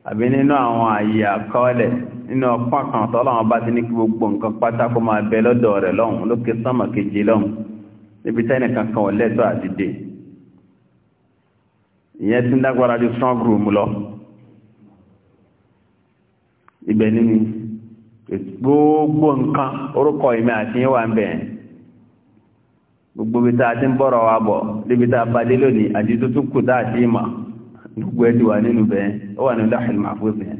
àbí nínú àwọn àyè àkọọ́lẹ̀ nínú ọ̀pá kan tọ́lọ́wọ́n bá ti ní kí gbogbo nǹkan pátákó máa bẹ lọ́dọ̀ rẹ̀ lọ́hùn lókè sánmà kejì lọ́hùn níbi tẹ́nì kankan ọ̀lẹ́tọ̀ àdìdè ìyẹn ti ń dágbára ju strong room lọ ibẹ̀ nínú gbogbo nǹkan orúkọ ìmẹ́ àti yín wà ń bẹ̀ gbogbo bí tá a ti ń bọ̀rọ̀ wa bọ̀ níbi tá a bá dé lónìí àti tuntun kù tá a ti gbogbo ẹ̀ ti wà nínú bẹ́ẹ̀ ó wà nínú Lawhul Mahfuz bẹ́ẹ̀.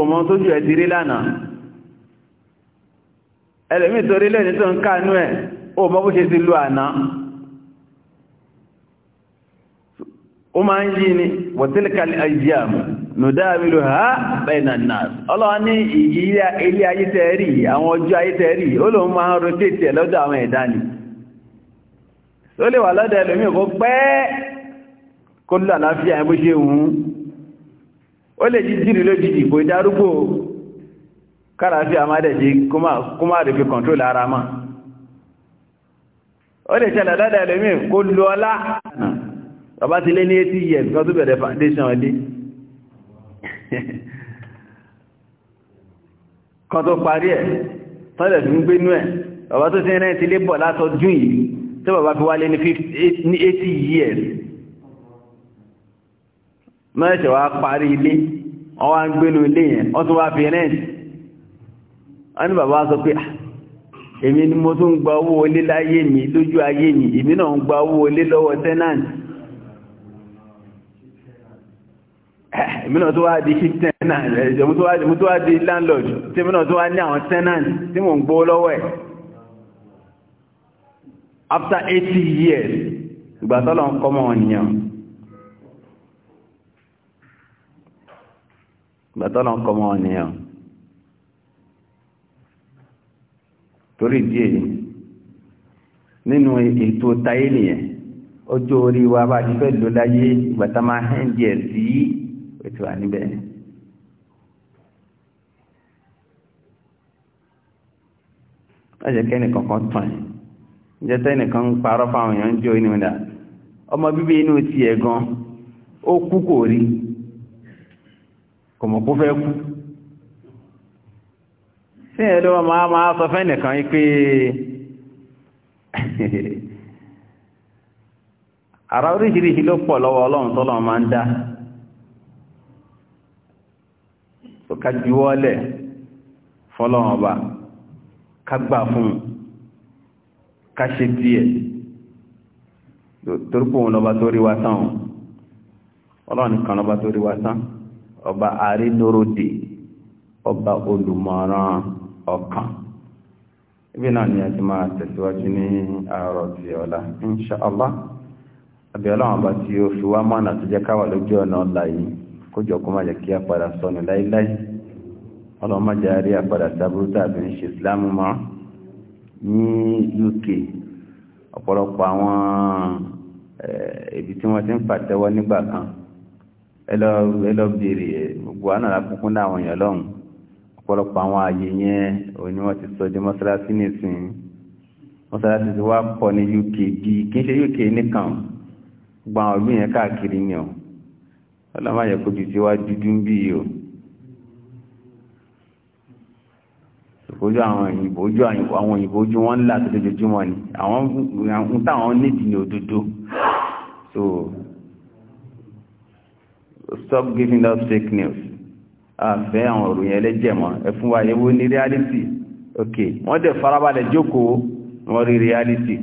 òmọ tójú ẹ̀ ti rí lánàá ẹlẹ́mí torí lẹ́ni tó ń kánú ẹ̀ òmọ bó ṣe ti lú àná ó máa ń yí ni wọ̀tílìkàlì ayyam nùdáàmìlò ha bẹ́ẹ̀nà náà ọlọ́wọ́ ní ilé ayé tẹ́ẹ̀rí àwọn ọjọ́ ayé tẹ́ẹ̀rí ó lóun máa ń rotate ẹ̀ lọ́dọ̀ àwọn ẹ̀dá ni ó lè wà lọ́dọ̀ ẹlòmí kó pẹ́ kó lọ́làáfíà ẹ bó ṣe wùn ún ó lè jí jìrì lójijì kò ìdárúgbò kára sí àmádẹ̀jí kó má rí fi kọ̀ntró lára mọ́ ó lè ṣẹlẹ̀ lọ́dẹ̀ ẹlòmí kó lọ ọlá bàbá ti lé ní 80 years kan tó bẹ̀rẹ̀ foundation ọdí kan tó parí ẹ̀ tọ́lẹ̀ tó ń gbé nú ẹ̀ bàbá tó ti rẹ́ ti lé bọ̀ látọ̀dún yìí tó bàbá fi wálé ní 80 years mẹ́ṣẹ̀ wá parí ilé wọ́n wá ń gbénú ilé yẹn wọ́n tún wá fi rẹ́ǹtì wọ́n ní bàbá sọ pé ah, èmi ni mo tún ń gba owó ilé láyé mi lójú ayé mi èmi náà ń gba owó ilé lọ́wọ́ tẹ́nàntì eh, eh, landlord after 80 years ìgbà tọ́lọ́ ń kọ́mọ ọ̀nìyàn gbàtọ́lọ̀ ń ọ̀nìyàn torí díẹ̀ nínú ètò táyé nìyẹn ọjọ́ orí wa bá ti fẹ́ lò láyé ìgbàtà máa hẹ́n díẹ̀ sí ètò àníbẹ̀ ọjọ́kẹ́ni kankan tán ẹ̀ ń ọmọ bíbí inú gan ó kò mọ̀ kó fẹ́ kú sí ẹ̀ ló máa máa sọ fẹ́ nìkan yí pé ara oríṣiríṣi ló pọ̀ lọ́wọ́ ọlọ́run tọ́lọ́run máa ń dá tó ká juwọ́lẹ̀ fọ́lọ́run ọba ká gbà fún ká ṣe díẹ̀ torípò òun lọ́ba tó rí wa tán ọlọ́run nìkan lọ́ba tó rí wa tán ọba àrínúròdì ọba olùmọ̀ràn ọkàn ibi náà ni a ti máa tẹ̀síwájú ní àárọ̀ ti ọ̀la inṣàlá àbí ọlọ́run ọba tí ó fi wá mọ́nà tó jẹ́ káwà lójú ọ̀nà ọ̀la yìí kó jọ kó má jẹ́ kí sọnù láíláí ọlọ́run má jẹ́ sábúrú tàbí ń ṣe mọ́ ní UK ọ̀pọ̀lọpọ̀ àwọn ibi kan ẹlọ bèèrè gbogbo àná lápúpú náà àwọn èèyàn lọ́hùn ọ̀pọ̀lọpọ̀ àwọn ààyè yẹn òní wọ́n ti sọ di mọ́sálásí nìsín mọ́sálásí ti wá pọ̀ ní UK bí kì í ṣe UK nìkan gbogbo àwọn ìlú yẹn káàkiri yàn ọlọ́mọ̀yẹ kò ju tiwa dúdú ń bí o ojú àwọn òyìnbó ojú àwọn òyìnbó ojú wọn ńlá tó lójoojúmọ́ ni àwọn ń táwọn nídìí ní òdodo so stop giving us fake news àfẹ́ àwọn òròyìn ẹlẹ́jẹ̀mọ́ ẹfún wa yẹ́wó ní reality ok wọ́n dẹ̀ farabalẹ̀ jókòó wọ́n rí reality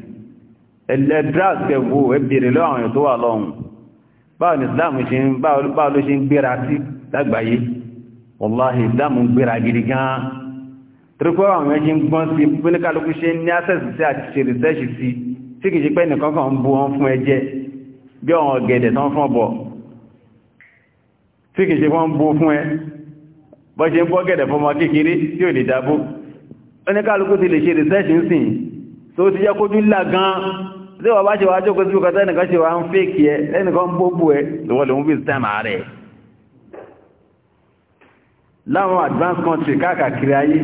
ẹlẹ́dras ẹ̀wò ẹbìrì lọ́wọ́ àwọn tó wà lọ́hùn báwo ni Islam ṣe ń báwo ló ṣe ń gbéra sí lágbàáyé wàláhì Islam ń gbéra gidi gan torípé àwọn ẹjì ń gbọ́n sí pínlẹ̀kálukú ṣe ní access sí àti ṣe research sí tí kìí ṣe pé nìkan kan ń bu wọn fún ẹjẹ́ bí ọ̀hún ọ̀gẹ̀dẹ̀ tán fún ọ̀bọ̀ tí kìí ṣe wọ́n ń bó fún ẹ bọ́ ṣe ń bọ́ gẹ̀dẹ̀ fọmọ kékeré tí ò lè dábó oníkálukú ti lè ṣe rìsẹ́ṣì ń sìn tó ti jẹ́ kójú ńlá gan tí wọ́n bá ṣe wá jókòó sí ọkọ̀ tẹ́nìkan ṣe wá ń fèkì ẹ lẹ́nìkan ń bóbú ẹ lọ́wọ́ lòun fi sẹ́mà rẹ̀ láwọn advanced country káàkiri ayé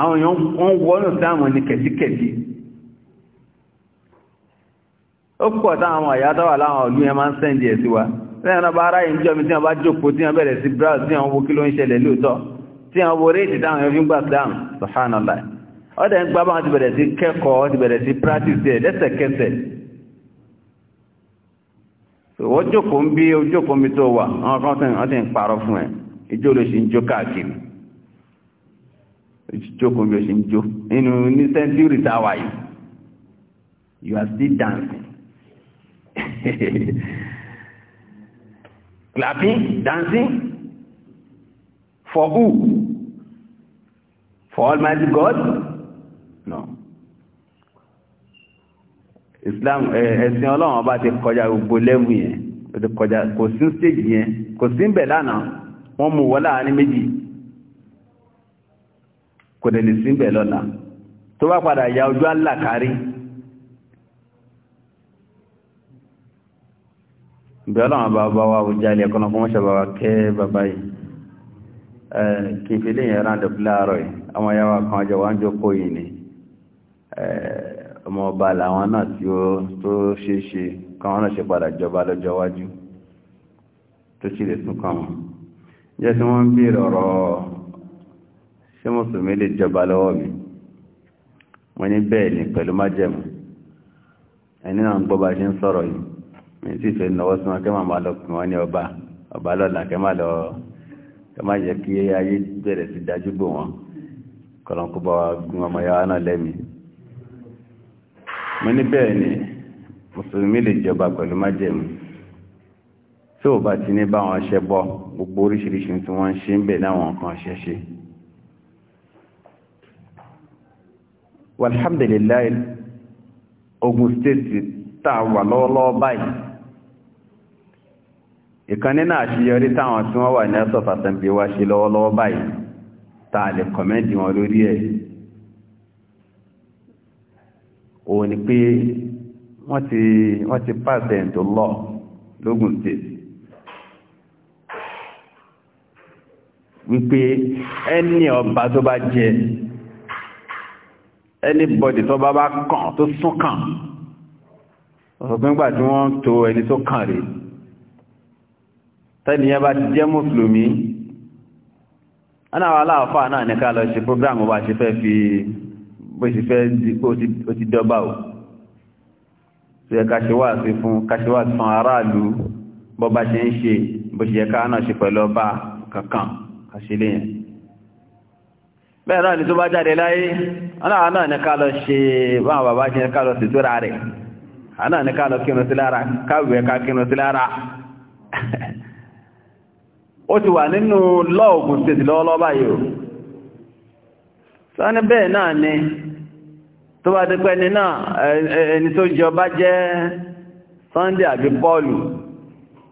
àwọn èèyàn wọ́n wọ́nù sáàmù ní kẹ̀síkẹ̀sí ó pọ̀ táwọn àyátọ́wà láwọn ọ̀lú ẹ máa ń sẹ́ndì ẹ̀ sí wa lẹ́yìn ọba ara yìí jọmi tí wọ́n bá jókòó tí wọ́n bẹ̀rẹ̀ sí brazil tí wọ́n wo kí ló ń ṣẹlẹ̀ lóòótọ́ tí wọ́n wo réèdì táwọn èèyàn ń gbà dáhùn sọ̀hánàlá ọ̀dẹ̀ ń gbábá wọn ti bẹ̀rẹ̀ sí kẹ́kọ̀ọ́ ti bẹ̀rẹ̀ sí practice ẹ̀ lẹ́sẹ̀kẹsẹ̀ wọ́n jókòó ń bí ojókòó mi tó wà àwọn kan wọ́n ti ń parọ́ fún ẹ̀ ijó ló ṣe ń jó káàkiri jókòó you are still dancing clapping, dancing for who? For Almighty God? No. Islam eh, ẹ̀sìn ọlọ́run ọba ti kọjá gbogbo lẹ́wù yẹn, ó ti kọjá kò sí stage yẹn, kò sí ń bẹ̀ lánàá, wọ́n mú wọ́n láàrin méjì, kò dẹ̀ lè sí ń bẹ̀ lọ́la. Tó bá padà ya ojú àlàkárí, bí ọlọ́run bàbá wa ò jálì ẹ̀kọ́nà kọ́ mọ́ṣẹ́ bàbá kẹ́ bàbá yìí kí fi léyìn ẹran dẹ̀bí láàárọ̀ yìí àwọn yàwá kan jọ wá ń jókòó yìí ni ọmọ ọba làwọn náà tí ó tó ṣeé ṣe káwọn náà ṣe padà jọba lọ́jọ́ iwájú tó sì lè tún kàn wọ́n jẹ́ tí wọ́n ń bèèrè ọ̀rọ̀ ṣé mùsùlùmí lè jọba lọ́wọ́ mi mo ní bẹ́ẹ̀ ni pẹ̀lú májẹ̀mú ẹni náà ń gbọ́ bá ṣe ń sọ̀rọ̀ yìí mi sì fẹ́ nọwọ́ sí wọn kẹ́ máa lọ pè wọ́n ní ọba ọba lọ́la kẹ́ máa lọ kẹ́ máa jẹ́ kí ayé bẹ̀rẹ̀ sí dájú bò wọ́n kọ́lọ́nkú bá wa gun ọmọ yàrá náà lẹ́mí. mo ní bẹ́ẹ̀ ni mùsùlùmí lè jọba pẹ̀lú májẹ̀mú tí ò bá ti ní bá wọn ṣe bọ gbogbo oríṣiríṣi tí wọ́n ń ṣe ń bẹ̀ láwọn nǹkan ṣẹṣe. walhamdulilayi Ogun State tá a wà lọ́wọ́lọ́wọ́ báyìí ìkan nínú àṣeyọrí táwọn tí wọ́n wà ní ẹ́sọ̀fà tẹ̀m̀bí wá ṣe lọ́wọ́lọ́wọ́ báyìí ta lè kọ̀mẹ́ǹdì wọn lórí ẹ̀ òun ni pé wọ́n ti wọ́n ti pàṣẹ tó lọ lógún state wípé ẹni ọba tó bá jẹ anybody tó bá bá kàn tó sún kàn ọ̀sọ̀gbẹ́ngbà tí wọ́n tó ẹni tó kàn rèé tẹ́lì yẹn bá ti jẹ́ mùsùlùmí anáwà aláàfà náà ní ká lọ ṣe prógrámù bá ṣe fẹ́ fi bó ṣe fẹ́ dípò ó ti dọ́bà ò ṣe kàṣíwàsí fún kàṣíwàsí fún aráàlú bọ́ bá ṣe ń ṣe bó ṣe yẹ ká náà ṣe pẹ̀lú ọba kankan kàṣílẹ̀ yẹn bẹ́ẹ̀ náà ni tó bá jáde láyé anáwà náà ní ká lọ ṣe báwọn bàbá ṣe ká lọ sí tó rà rẹ̀ anáà ní ká lọ kírun sí lára káwẹ̀ ká kírun sí lára ó ti wà nínú law steeti State lọ́wọ́lọ́wọ́ yi o bẹ́ẹ̀ náà ni tó bá ti pẹ́ ni náà ẹni tó jọba jẹ́ Sunday àbí Paul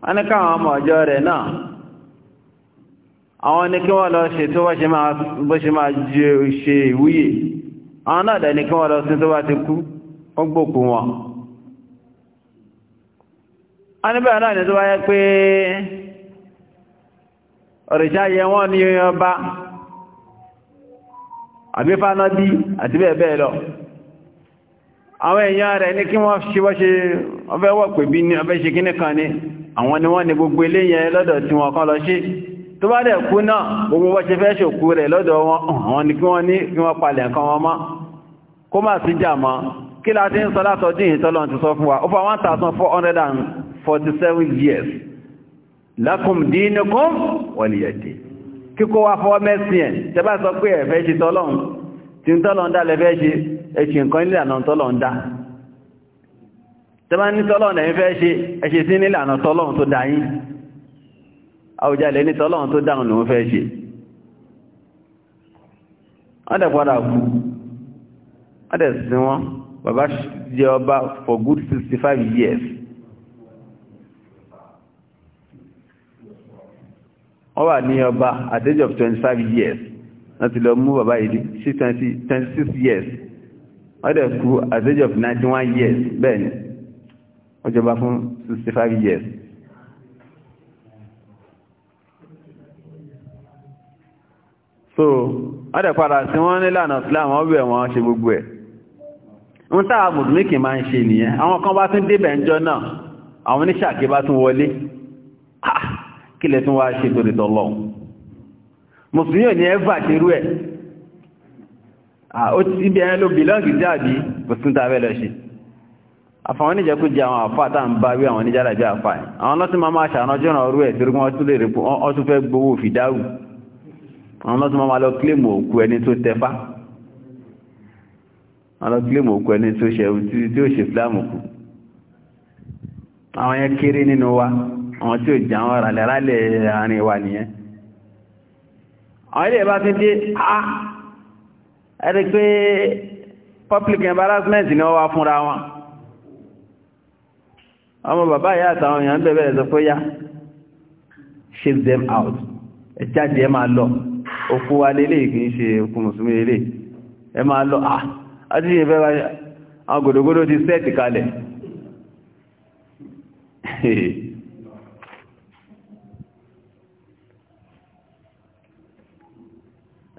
wọ́n ní káwọn ọmọ ọjọ́ rẹ̀ náà àwọn ní kí wọ́n lọ ṣe tó se ṣe máa ṣe ìwúyè àwọn náà dẹ̀ kí lọ sí tó bá ti kú gbòkú wọn a níbẹ̀ náà ni tó bá pé òrìṣà yẹ wọ́n ní ọba àbífánábí àti bẹ́ẹ̀bẹ́ẹ̀ lọ àwọn èèyàn rẹ̀ ní kí wọ́n ṣe wọ́ṣe ọfẹ́ wọ́pẹ̀ bí ní ọfẹ́ ṣe kí ní kan ní àwọn ni wọ́n ni gbogbo eléyẹn lọ́dọ̀ tí wọ́n kan lọ ṣe tó bá dẹ̀ kú náà gbogbo wọ́n ṣe fẹ́ ṣòkú rẹ̀ lọ́dọ̀ wọn ni kí wọ́n ní kí wọ́n palẹ̀ nǹkan wọn mọ́ kó má sí jà mọ́ kí láti ń sọ látọ̀dún ìtọ́lọ́n ti sọ fún wa ó fa 1447 years lakum dinukum waliyadi kíkó wá fọ́ mẹ́sìn ẹ̀ tẹ́bá sọ pé ẹ̀fẹ́ ṣe tọ́lọ́un tí ń tọ́lọ́un dá lẹ́fẹ́ ṣe ẹ̀ṣì nǹkan nílànà tọ́lọ́un dá tẹ́bá ní tọ́lọ́un ẹ̀yìn fẹ́ ṣe ẹ̀ṣì sí nílànà tọ́lọ́un tó dáyín àwùjalẹ̀ ní tọ́lọ́un tó dáhùn lòun fẹ́ ṣe wọ́n dẹ̀ padà kú wọ́n dẹ̀ sin wọn bàbá jẹ ọba for good 65 years wọ́n wà ní ọba at age of 25 years wọ́n ti lọ mú bàbá yìí 26 years wọ́n dẹ̀ kú at age of 91 years bẹ́ẹ̀ ni wọ́n jọba fún 65 years so wọ́n dẹ̀ padà sí wọ́n nílànà Islam wọ́n bẹ̀ wọ́n ṣe gbogbo ẹ̀ ń tàà mùsùlùmí kì máa ń ṣe nìyẹn àwọn kan bá tún débẹ̀ ń jọ náà àwọn oníṣàkí bá tún wọlé ah kí lẹ tún wá ṣe torí tọ́lọ́ mùsùlùmí ò ní ẹ́fà ṣe rú ẹ̀ ibi ẹ̀yẹn ló bìlọ́ọ̀gì tí àbí kò sí tàbẹ́ lọ ṣe àfàwọn oníjẹ́kú jẹ àwọn àfà tá ń bá wí àwọn oníjàlá bí àfà ẹ̀ àwọn lọ́tí máa máa ṣàánà jọ́nà orú ẹ̀ torí wọ́n tún lè rí wọ́n fẹ́ gbowó fìdáwù àwọn lọ́tí máa lọ kílèmù òkú ẹni tó tẹfá àwọn lọ kílèmù òkú ẹni tó ṣe tí ó ṣe fìlámù kù àwọn yẹn kéré nínú wa àwọn tí ó jẹ àwọn ràlẹ̀ rálẹ̀ àárín nìyẹn àwọn ilé ìbá tún dé a ẹ̀rí pé public embarrassment ni ọwá fúnra wọn ọmọ bàbá ìyá àtàwọn èèyàn bẹ̀bẹ̀rẹ̀ sọ pé yá shake them out ẹjáde ẹ máa lọ òkú wa lélẹ̀ ìgbìn ṣe mùsùlùmí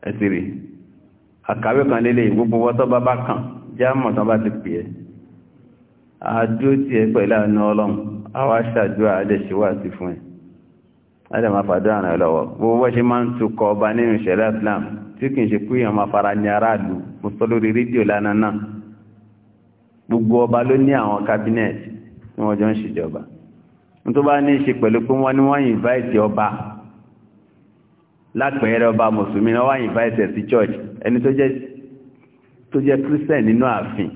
ẹ̀sìrì àkàwé kan lélẹ̀ gbogbo wọ́tọ́ bá bá kàn jámọ̀ tán bá ti pè ẹ́ àádó tí ẹ pẹ̀lú àánú ọlọ́run àwọn aṣàdúrà adẹ́ṣíwá sí fún ẹ adẹ́mà fàdúrà rẹ̀ lọ́wọ́ gbogbo wọ́n ṣe máa ń tukọ̀ ọba nínú ìṣẹ̀lẹ̀ Islam tí kì í ṣe pé èèyàn máa ní aráàlú mo sọ lórí rédíò lánàá náà gbogbo ọba ló ní àwọn kábínẹ̀tì tí wọ́n jọ ń ṣèjọba nítorí bá ní í ṣe pẹ̀lú pé wọ́n ní wọ́n yìnbá ọba lápẹẹrẹ ọba mùsùlùmí náà wá invite sí church ẹni tó jẹ́ christian nínú ààfin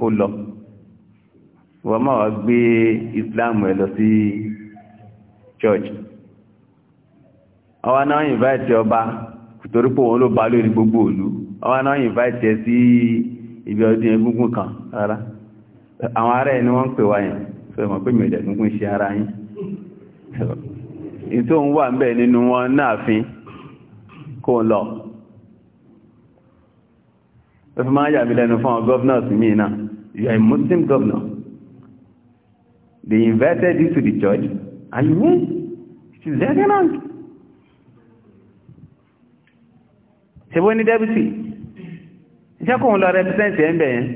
kó lọ wọ́n máa wá gbé islam ẹ lọ sí church ọwá náà invite ọba torípò wọn ló bá lórí gbogbo òlu ọwá náà invite ẹ sí ibi ọdún egúngún kan rárá àwọn ará ẹni wọ́n pè wáyàn fẹ́ mọ̀ mi ara yi. ìtò ń wà ń bẹ̀ nínú wọn náàfin kó lọ ẹfẹ́ máa yà mí lẹ́nu fún governors mi náà you are a Muslim governor they invited you to the church and you went it is very wrong ṣe bó ní deputy ṣe kò ń lọ represent ẹ̀ ń bẹ̀ yẹn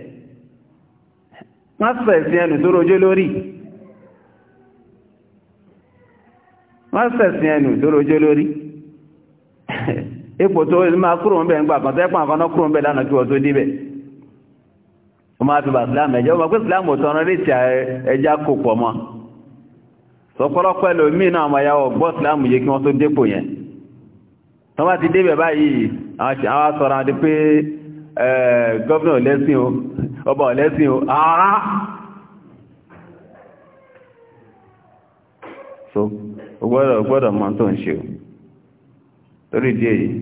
wọ́n sọ ẹ̀sìn ẹnu tó rojó lórí wọ́n sẹ̀sìn ẹnu lórojó lórí ipò tó máa kúrò ń bẹ̀ ńgbà kan tẹ́pọ̀ àkọ́nà kúrò ń bẹ̀ lánàá kí wọ́n tó débẹ̀ ó máa fi bà ẹ̀jẹ̀ ó máa pé ẹja kò pọ̀ mọ́ sọpọ́lọpọ́ náà kí wọ́n tó dépò yẹn tó bá ti báyìí àwọn sọ̀rọ̀ àti pé ọ̀lẹ́sìn o ọba ọ̀lẹ́sìn o ọgbọ́dọ̀ ọgbọ́dọ̀ mọ́ tó ń ṣe o torí díẹ̀ yìí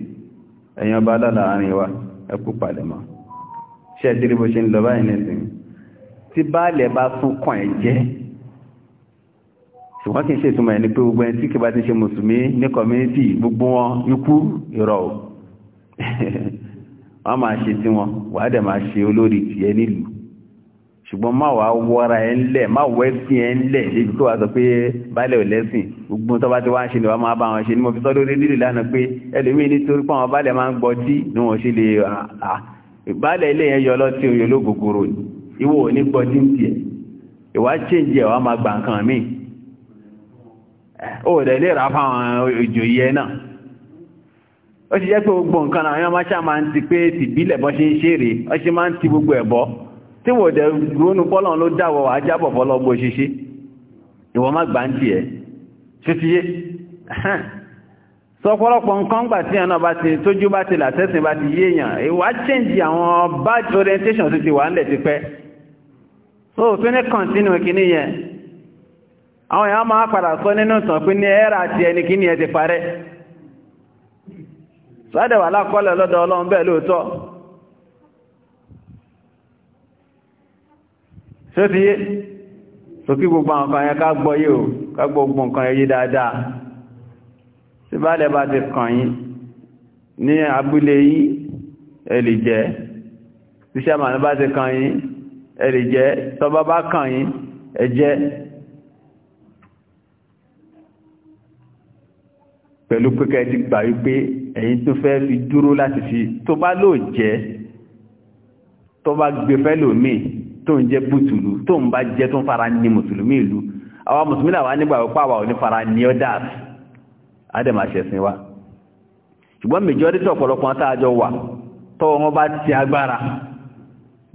ẹ̀yàn bá dá láàrin wa ẹkú palẹ̀ mọ́ ṣe ẹ̀dírí bó ṣe ń lọ báyìí nẹ́sìn tí báàlẹ̀ bá tún kàn ẹ̀ jẹ́ ṣùgbọ́n kí n ṣe ìtumọ̀ ẹni pé gbogbo ẹni tí kìbá ṣùgbọ́n má wàá wọ́ra ẹ̀ ńlẹ̀ má wọ́ ẹ̀sìn ẹ̀ ńlẹ̀ débi tó wàá sọ pé baálẹ̀ ò lẹ́sìn gbogbo tó bá ti wá ń ṣe ni wàá máa bá wọn ṣe ni mo fi sọ lórí nílùú lánàá pé ẹlòmíín nítorí pé àwọn baálẹ̀ máa ń gbọ́ tí ni wọ́n ṣe lè baálẹ̀ ilé yẹn yọ ọlọ́tí oyè olóògògòrò ni ìwọ ò ní gbọ́ tí ń tiẹ̀ ìwà chíǹjì ẹ̀ wàá máa gbà nǹkan míì ó rẹ̀ lè rà ti jẹ́ pé gbogbo nǹkan àwọn ọmọ ṣáà máa ń ti pé tìbílẹ̀ bọ́ ṣe ń ṣeré ó ṣe máa ń ti gbogbo ẹ̀bọ́ tí wò dẹ̀ rónú pọ́lọ̀ ló dáwọ̀ ajábọ̀ pọ́lọ̀ gbò ṣíṣí ìwọ má gbà ń tí ẹ̀ ṣíṣíyé sọpọ́lọpọ̀ nǹkan gbà tí ẹ̀nà bá ti tójú bá ti làtẹ́sìn bá ti yéèyàn ìwà change àwọn bad orientation ti ti wà nílẹ̀ ti pẹ́ so tún ní continue kìíní yẹn àwọn èèyàn máa padà sọ nínú ìtàn pé ní ẹ́rà ti ẹni kìíní ẹ ti parẹ́ sọ́dẹ̀wà lákọ́lẹ̀ lọ́dọ̀ ọlọ́run bẹ́ẹ̀ lóòótọ́ tí ó ti yé sókí gbogbo nǹkan yẹn ká gbọ́ yìí o ká gbogbo nǹkan yẹn yé dáadáa tí bá lẹ́bà ti kàn yín ní abúlé yìí ẹ lè jẹ tí sẹ́mà bá ti kàn yín ẹ lè tọba bá kàn yín ẹ pẹ̀lú pẹ́kẹ́ ti gbà wípé ẹ̀yin tó fẹ́ fi dúró láti fi tó bá lò jẹ́ tó bá gbé fẹ́ lòmíì tó ń jẹ́ bùtùlù tó ń bá jẹ́ tó ń fara ní mùsùlùmí ìlú àwa mùsùlùmí làwa nígbà wípé àwa ò ní fara ní ọ́dà àdèmà ṣẹ̀sìn wa ṣùgbọ́n majority ọ̀pọ̀lọpọ̀ àtàjọ wà tọ́wọ́ wọn bá ti agbára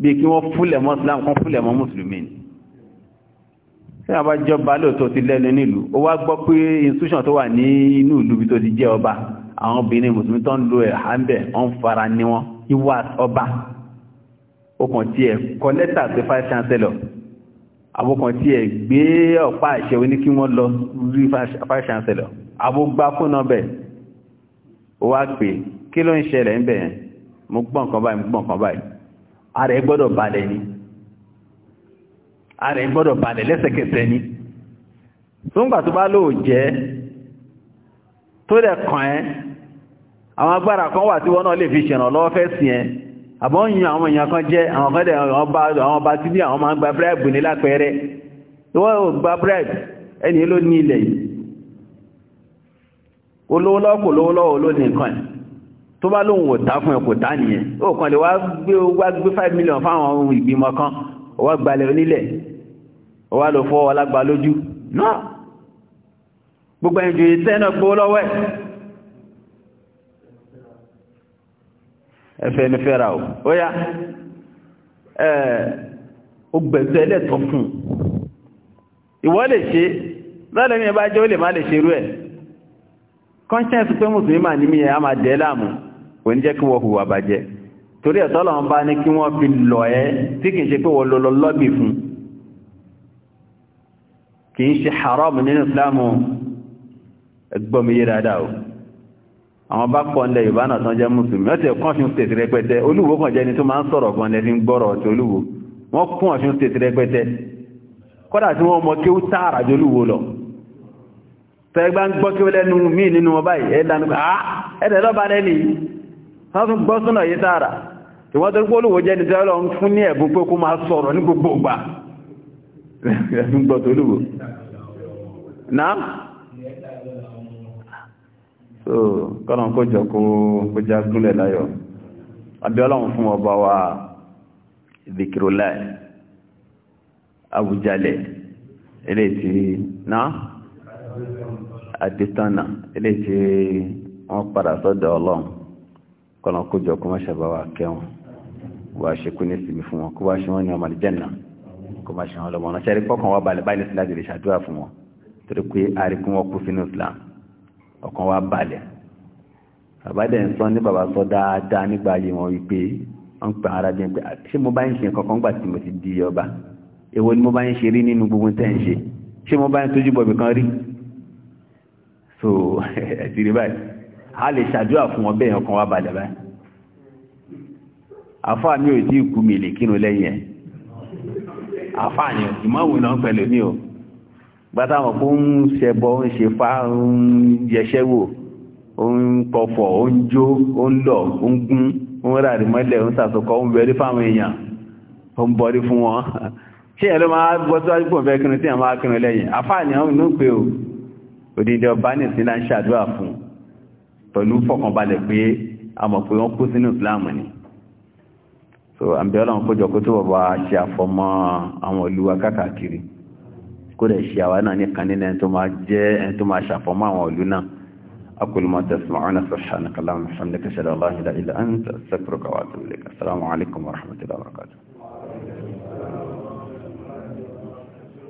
bí kí wọ́n fúlẹ̀ mọ́ islam kan fúlẹ̀ mọ́ mùsùlùmí ni tí wọ́n bá jọba lóòótọ́ ti lẹ́nu nílùú ó wá gbọ́ pé institution tó wà ní inú ìlú bí tó ti jẹ́ ọba àwọn obìnrin mùsùlùmí tó ń lo ẹ̀há okùn tí ẹ̀ kọ lẹ́tà sí five chancellor àbókan tí ẹ̀ gbé ọ̀pá àṣẹ oní kí wọ́n lọ rí five chancellor àbógbá fún nọ́bẹ̀ ó wá pé kí ló ń ṣẹlẹ̀ ń bẹ̀yẹn mo gbọ́n kan báyìí mo gbọ́n kan báyìí ààrẹ gbọ́dọ̀ balẹ̀ ni ààrẹ gbọ́dọ̀ balẹ̀ lẹ́sẹ̀kẹsẹ̀ ni tó ń gbà tó bá lóò jẹ́ tó dẹ̀ kàn ẹ́ àwọn agbára kan wà tí wọ́n náà lè fi ṣèrànlọ́wọ́ fẹ́ sí ẹ́ àbọ̀ ń yan àwọn èèyàn kan jẹ́ àwọn kan dẹ̀ àwọn ọba tí bí àwọn máa ń gba bribe ní lápẹẹrẹ wọ́n ò gba bribe ẹni ló ní ilẹ̀ yìí olówó lọ́wọ́ kò lówó lọ́wọ́ ló ní nǹkan ẹ̀ tó bá lóun ò tá fún ẹ kò tá nìyẹn ó kàn lè wá gbé wá gbé five million fáwọn ohun ìgbìmọ̀ kan ó wá gbalẹ̀ onílẹ̀ ó ẹfẹ́ ní fẹ́ra o ó yá ó gbẹ̀sẹ̀ ẹlẹ́tọ̀ fún ìwọ lè ṣe lọ́lẹ́mí ẹ bá jẹ́ ó lè má lè ṣe rú ẹ̀ conscience pé mùsùlùmí mà ní mi ẹ̀ máa dẹ́ láàmú kò ní jẹ́ kí wọ́n hùwà bàjẹ́ torí ẹ̀tọ́ lọ́wọ́n bá ní kí wọ́n fi lọ ẹ́ tí kìí ṣe pé wọ́n lọ lọ́bì fún kìí ṣe haram nínú Islamu ẹgbọ́miyé dáadáa o àwọn bá pọ̀ ńlẹ̀ yorùbá náà tán jẹ́ mùsùlùmí wọ́n ti kún ọ̀ṣun state rẹpẹtẹ olúwo kan jẹ́ni tó máa ń sọ̀rọ̀ gan lẹ́fí ń gbọ́rọ̀ ti olúwo wọ́n kún ọ̀ṣun state rẹpẹtẹ kódà tí wọ́n mọ kí ó tààrà jọ olúwo lọ tẹ́gbá ń gbọ́ kí ó lẹ́nu mí nínú wọn báyìí ẹ̀dánù ah, ẹ̀dẹ̀ lọ́ba lẹ́ni yìí wọ́n tó gbọ́ so kọ́nà kó jọ kó kójá gúnlẹ̀ láyọ̀ abíọ́lọ́run fún ọba wa zikirulai abujalẹ̀ eléyìí náà àdìtánà eléyìí wọ́n padà sọ́dọ̀ ọlọ́run kọ́nà kó jọ kó má ṣàbá wa kẹwọn wà ṣe kú ní síbi fún wọn kó wá ṣe wọ́n ní ọmọ àlìjẹ́nà kó má ṣe wọn lọ́mọ ọ̀nà ṣẹ́rí pọ́kàn wá balẹ̀ báyìí sílẹ̀ àdìrẹ́ ṣàdúrà fún wọn torí pé àríkún wọn kú sínú Islam ọkàn wa balẹ̀ bàbá dẹ̀ ń sọ ní bàbá sọ dáadáa nígbà ayé wọn wípé wọ́n pè ara jẹ́ pé ṣé mo bá ń ṣe kankan gbà tí mo ti di ọba èwo ni mo bá ń ṣe rí nínú gbogbo tẹ́ ń ṣe ṣé mo bá ń tójú bọ̀bì kan rí so ẹ̀sì rí báyìí a lè ṣàdúrà fún wọn bẹ́ẹ̀ ọkàn wa balẹ̀ báyìí àfáà mi ò tí ì kú mi lè kírun lẹ́yìn ẹ̀ àfáà ni ìmọ̀wò náà pẹ̀lú ní o gbátáwọn kó ń ṣẹbọ ń ṣe fá ń yẹṣẹ́wò ń pọ̀fọ̀ ń jó ń lọ ń gún ń rárí mọ́lẹ̀ ń sàtọkọ ń bẹ̀rí fáwọn èèyàn ó ń bọ́rí fún wọn ṣé ẹ̀rọ máa gbọ́ tó wájú pọ̀ fẹ́ kírun tí àwọn akírun lẹ́yìn àfáàní àwọn ìlú pé o òdìdí ọba ní ìsinlá ń ṣàdúrà fún pẹ̀lú fọkànbalẹ̀ pé a mọ̀ pé wọ́n kú sínú Islam ni so àbí ọlọ́run kójọ kó tó wọ́n bá ṣe àfọmọ́ àwọn olùwà káàkiri kódà ṣe àwa náà nìkan nínú ẹni tó máa jẹ́ ẹni tó máa ṣàfọ́mọ́ àwọn ìlú náà أقول ما تسمعون سبحانك اللهم وبحمدك أشهد أن لا إله إلا أنت أستغفرك وأتوب إليك السلام عليكم ورحمة الله وبركاته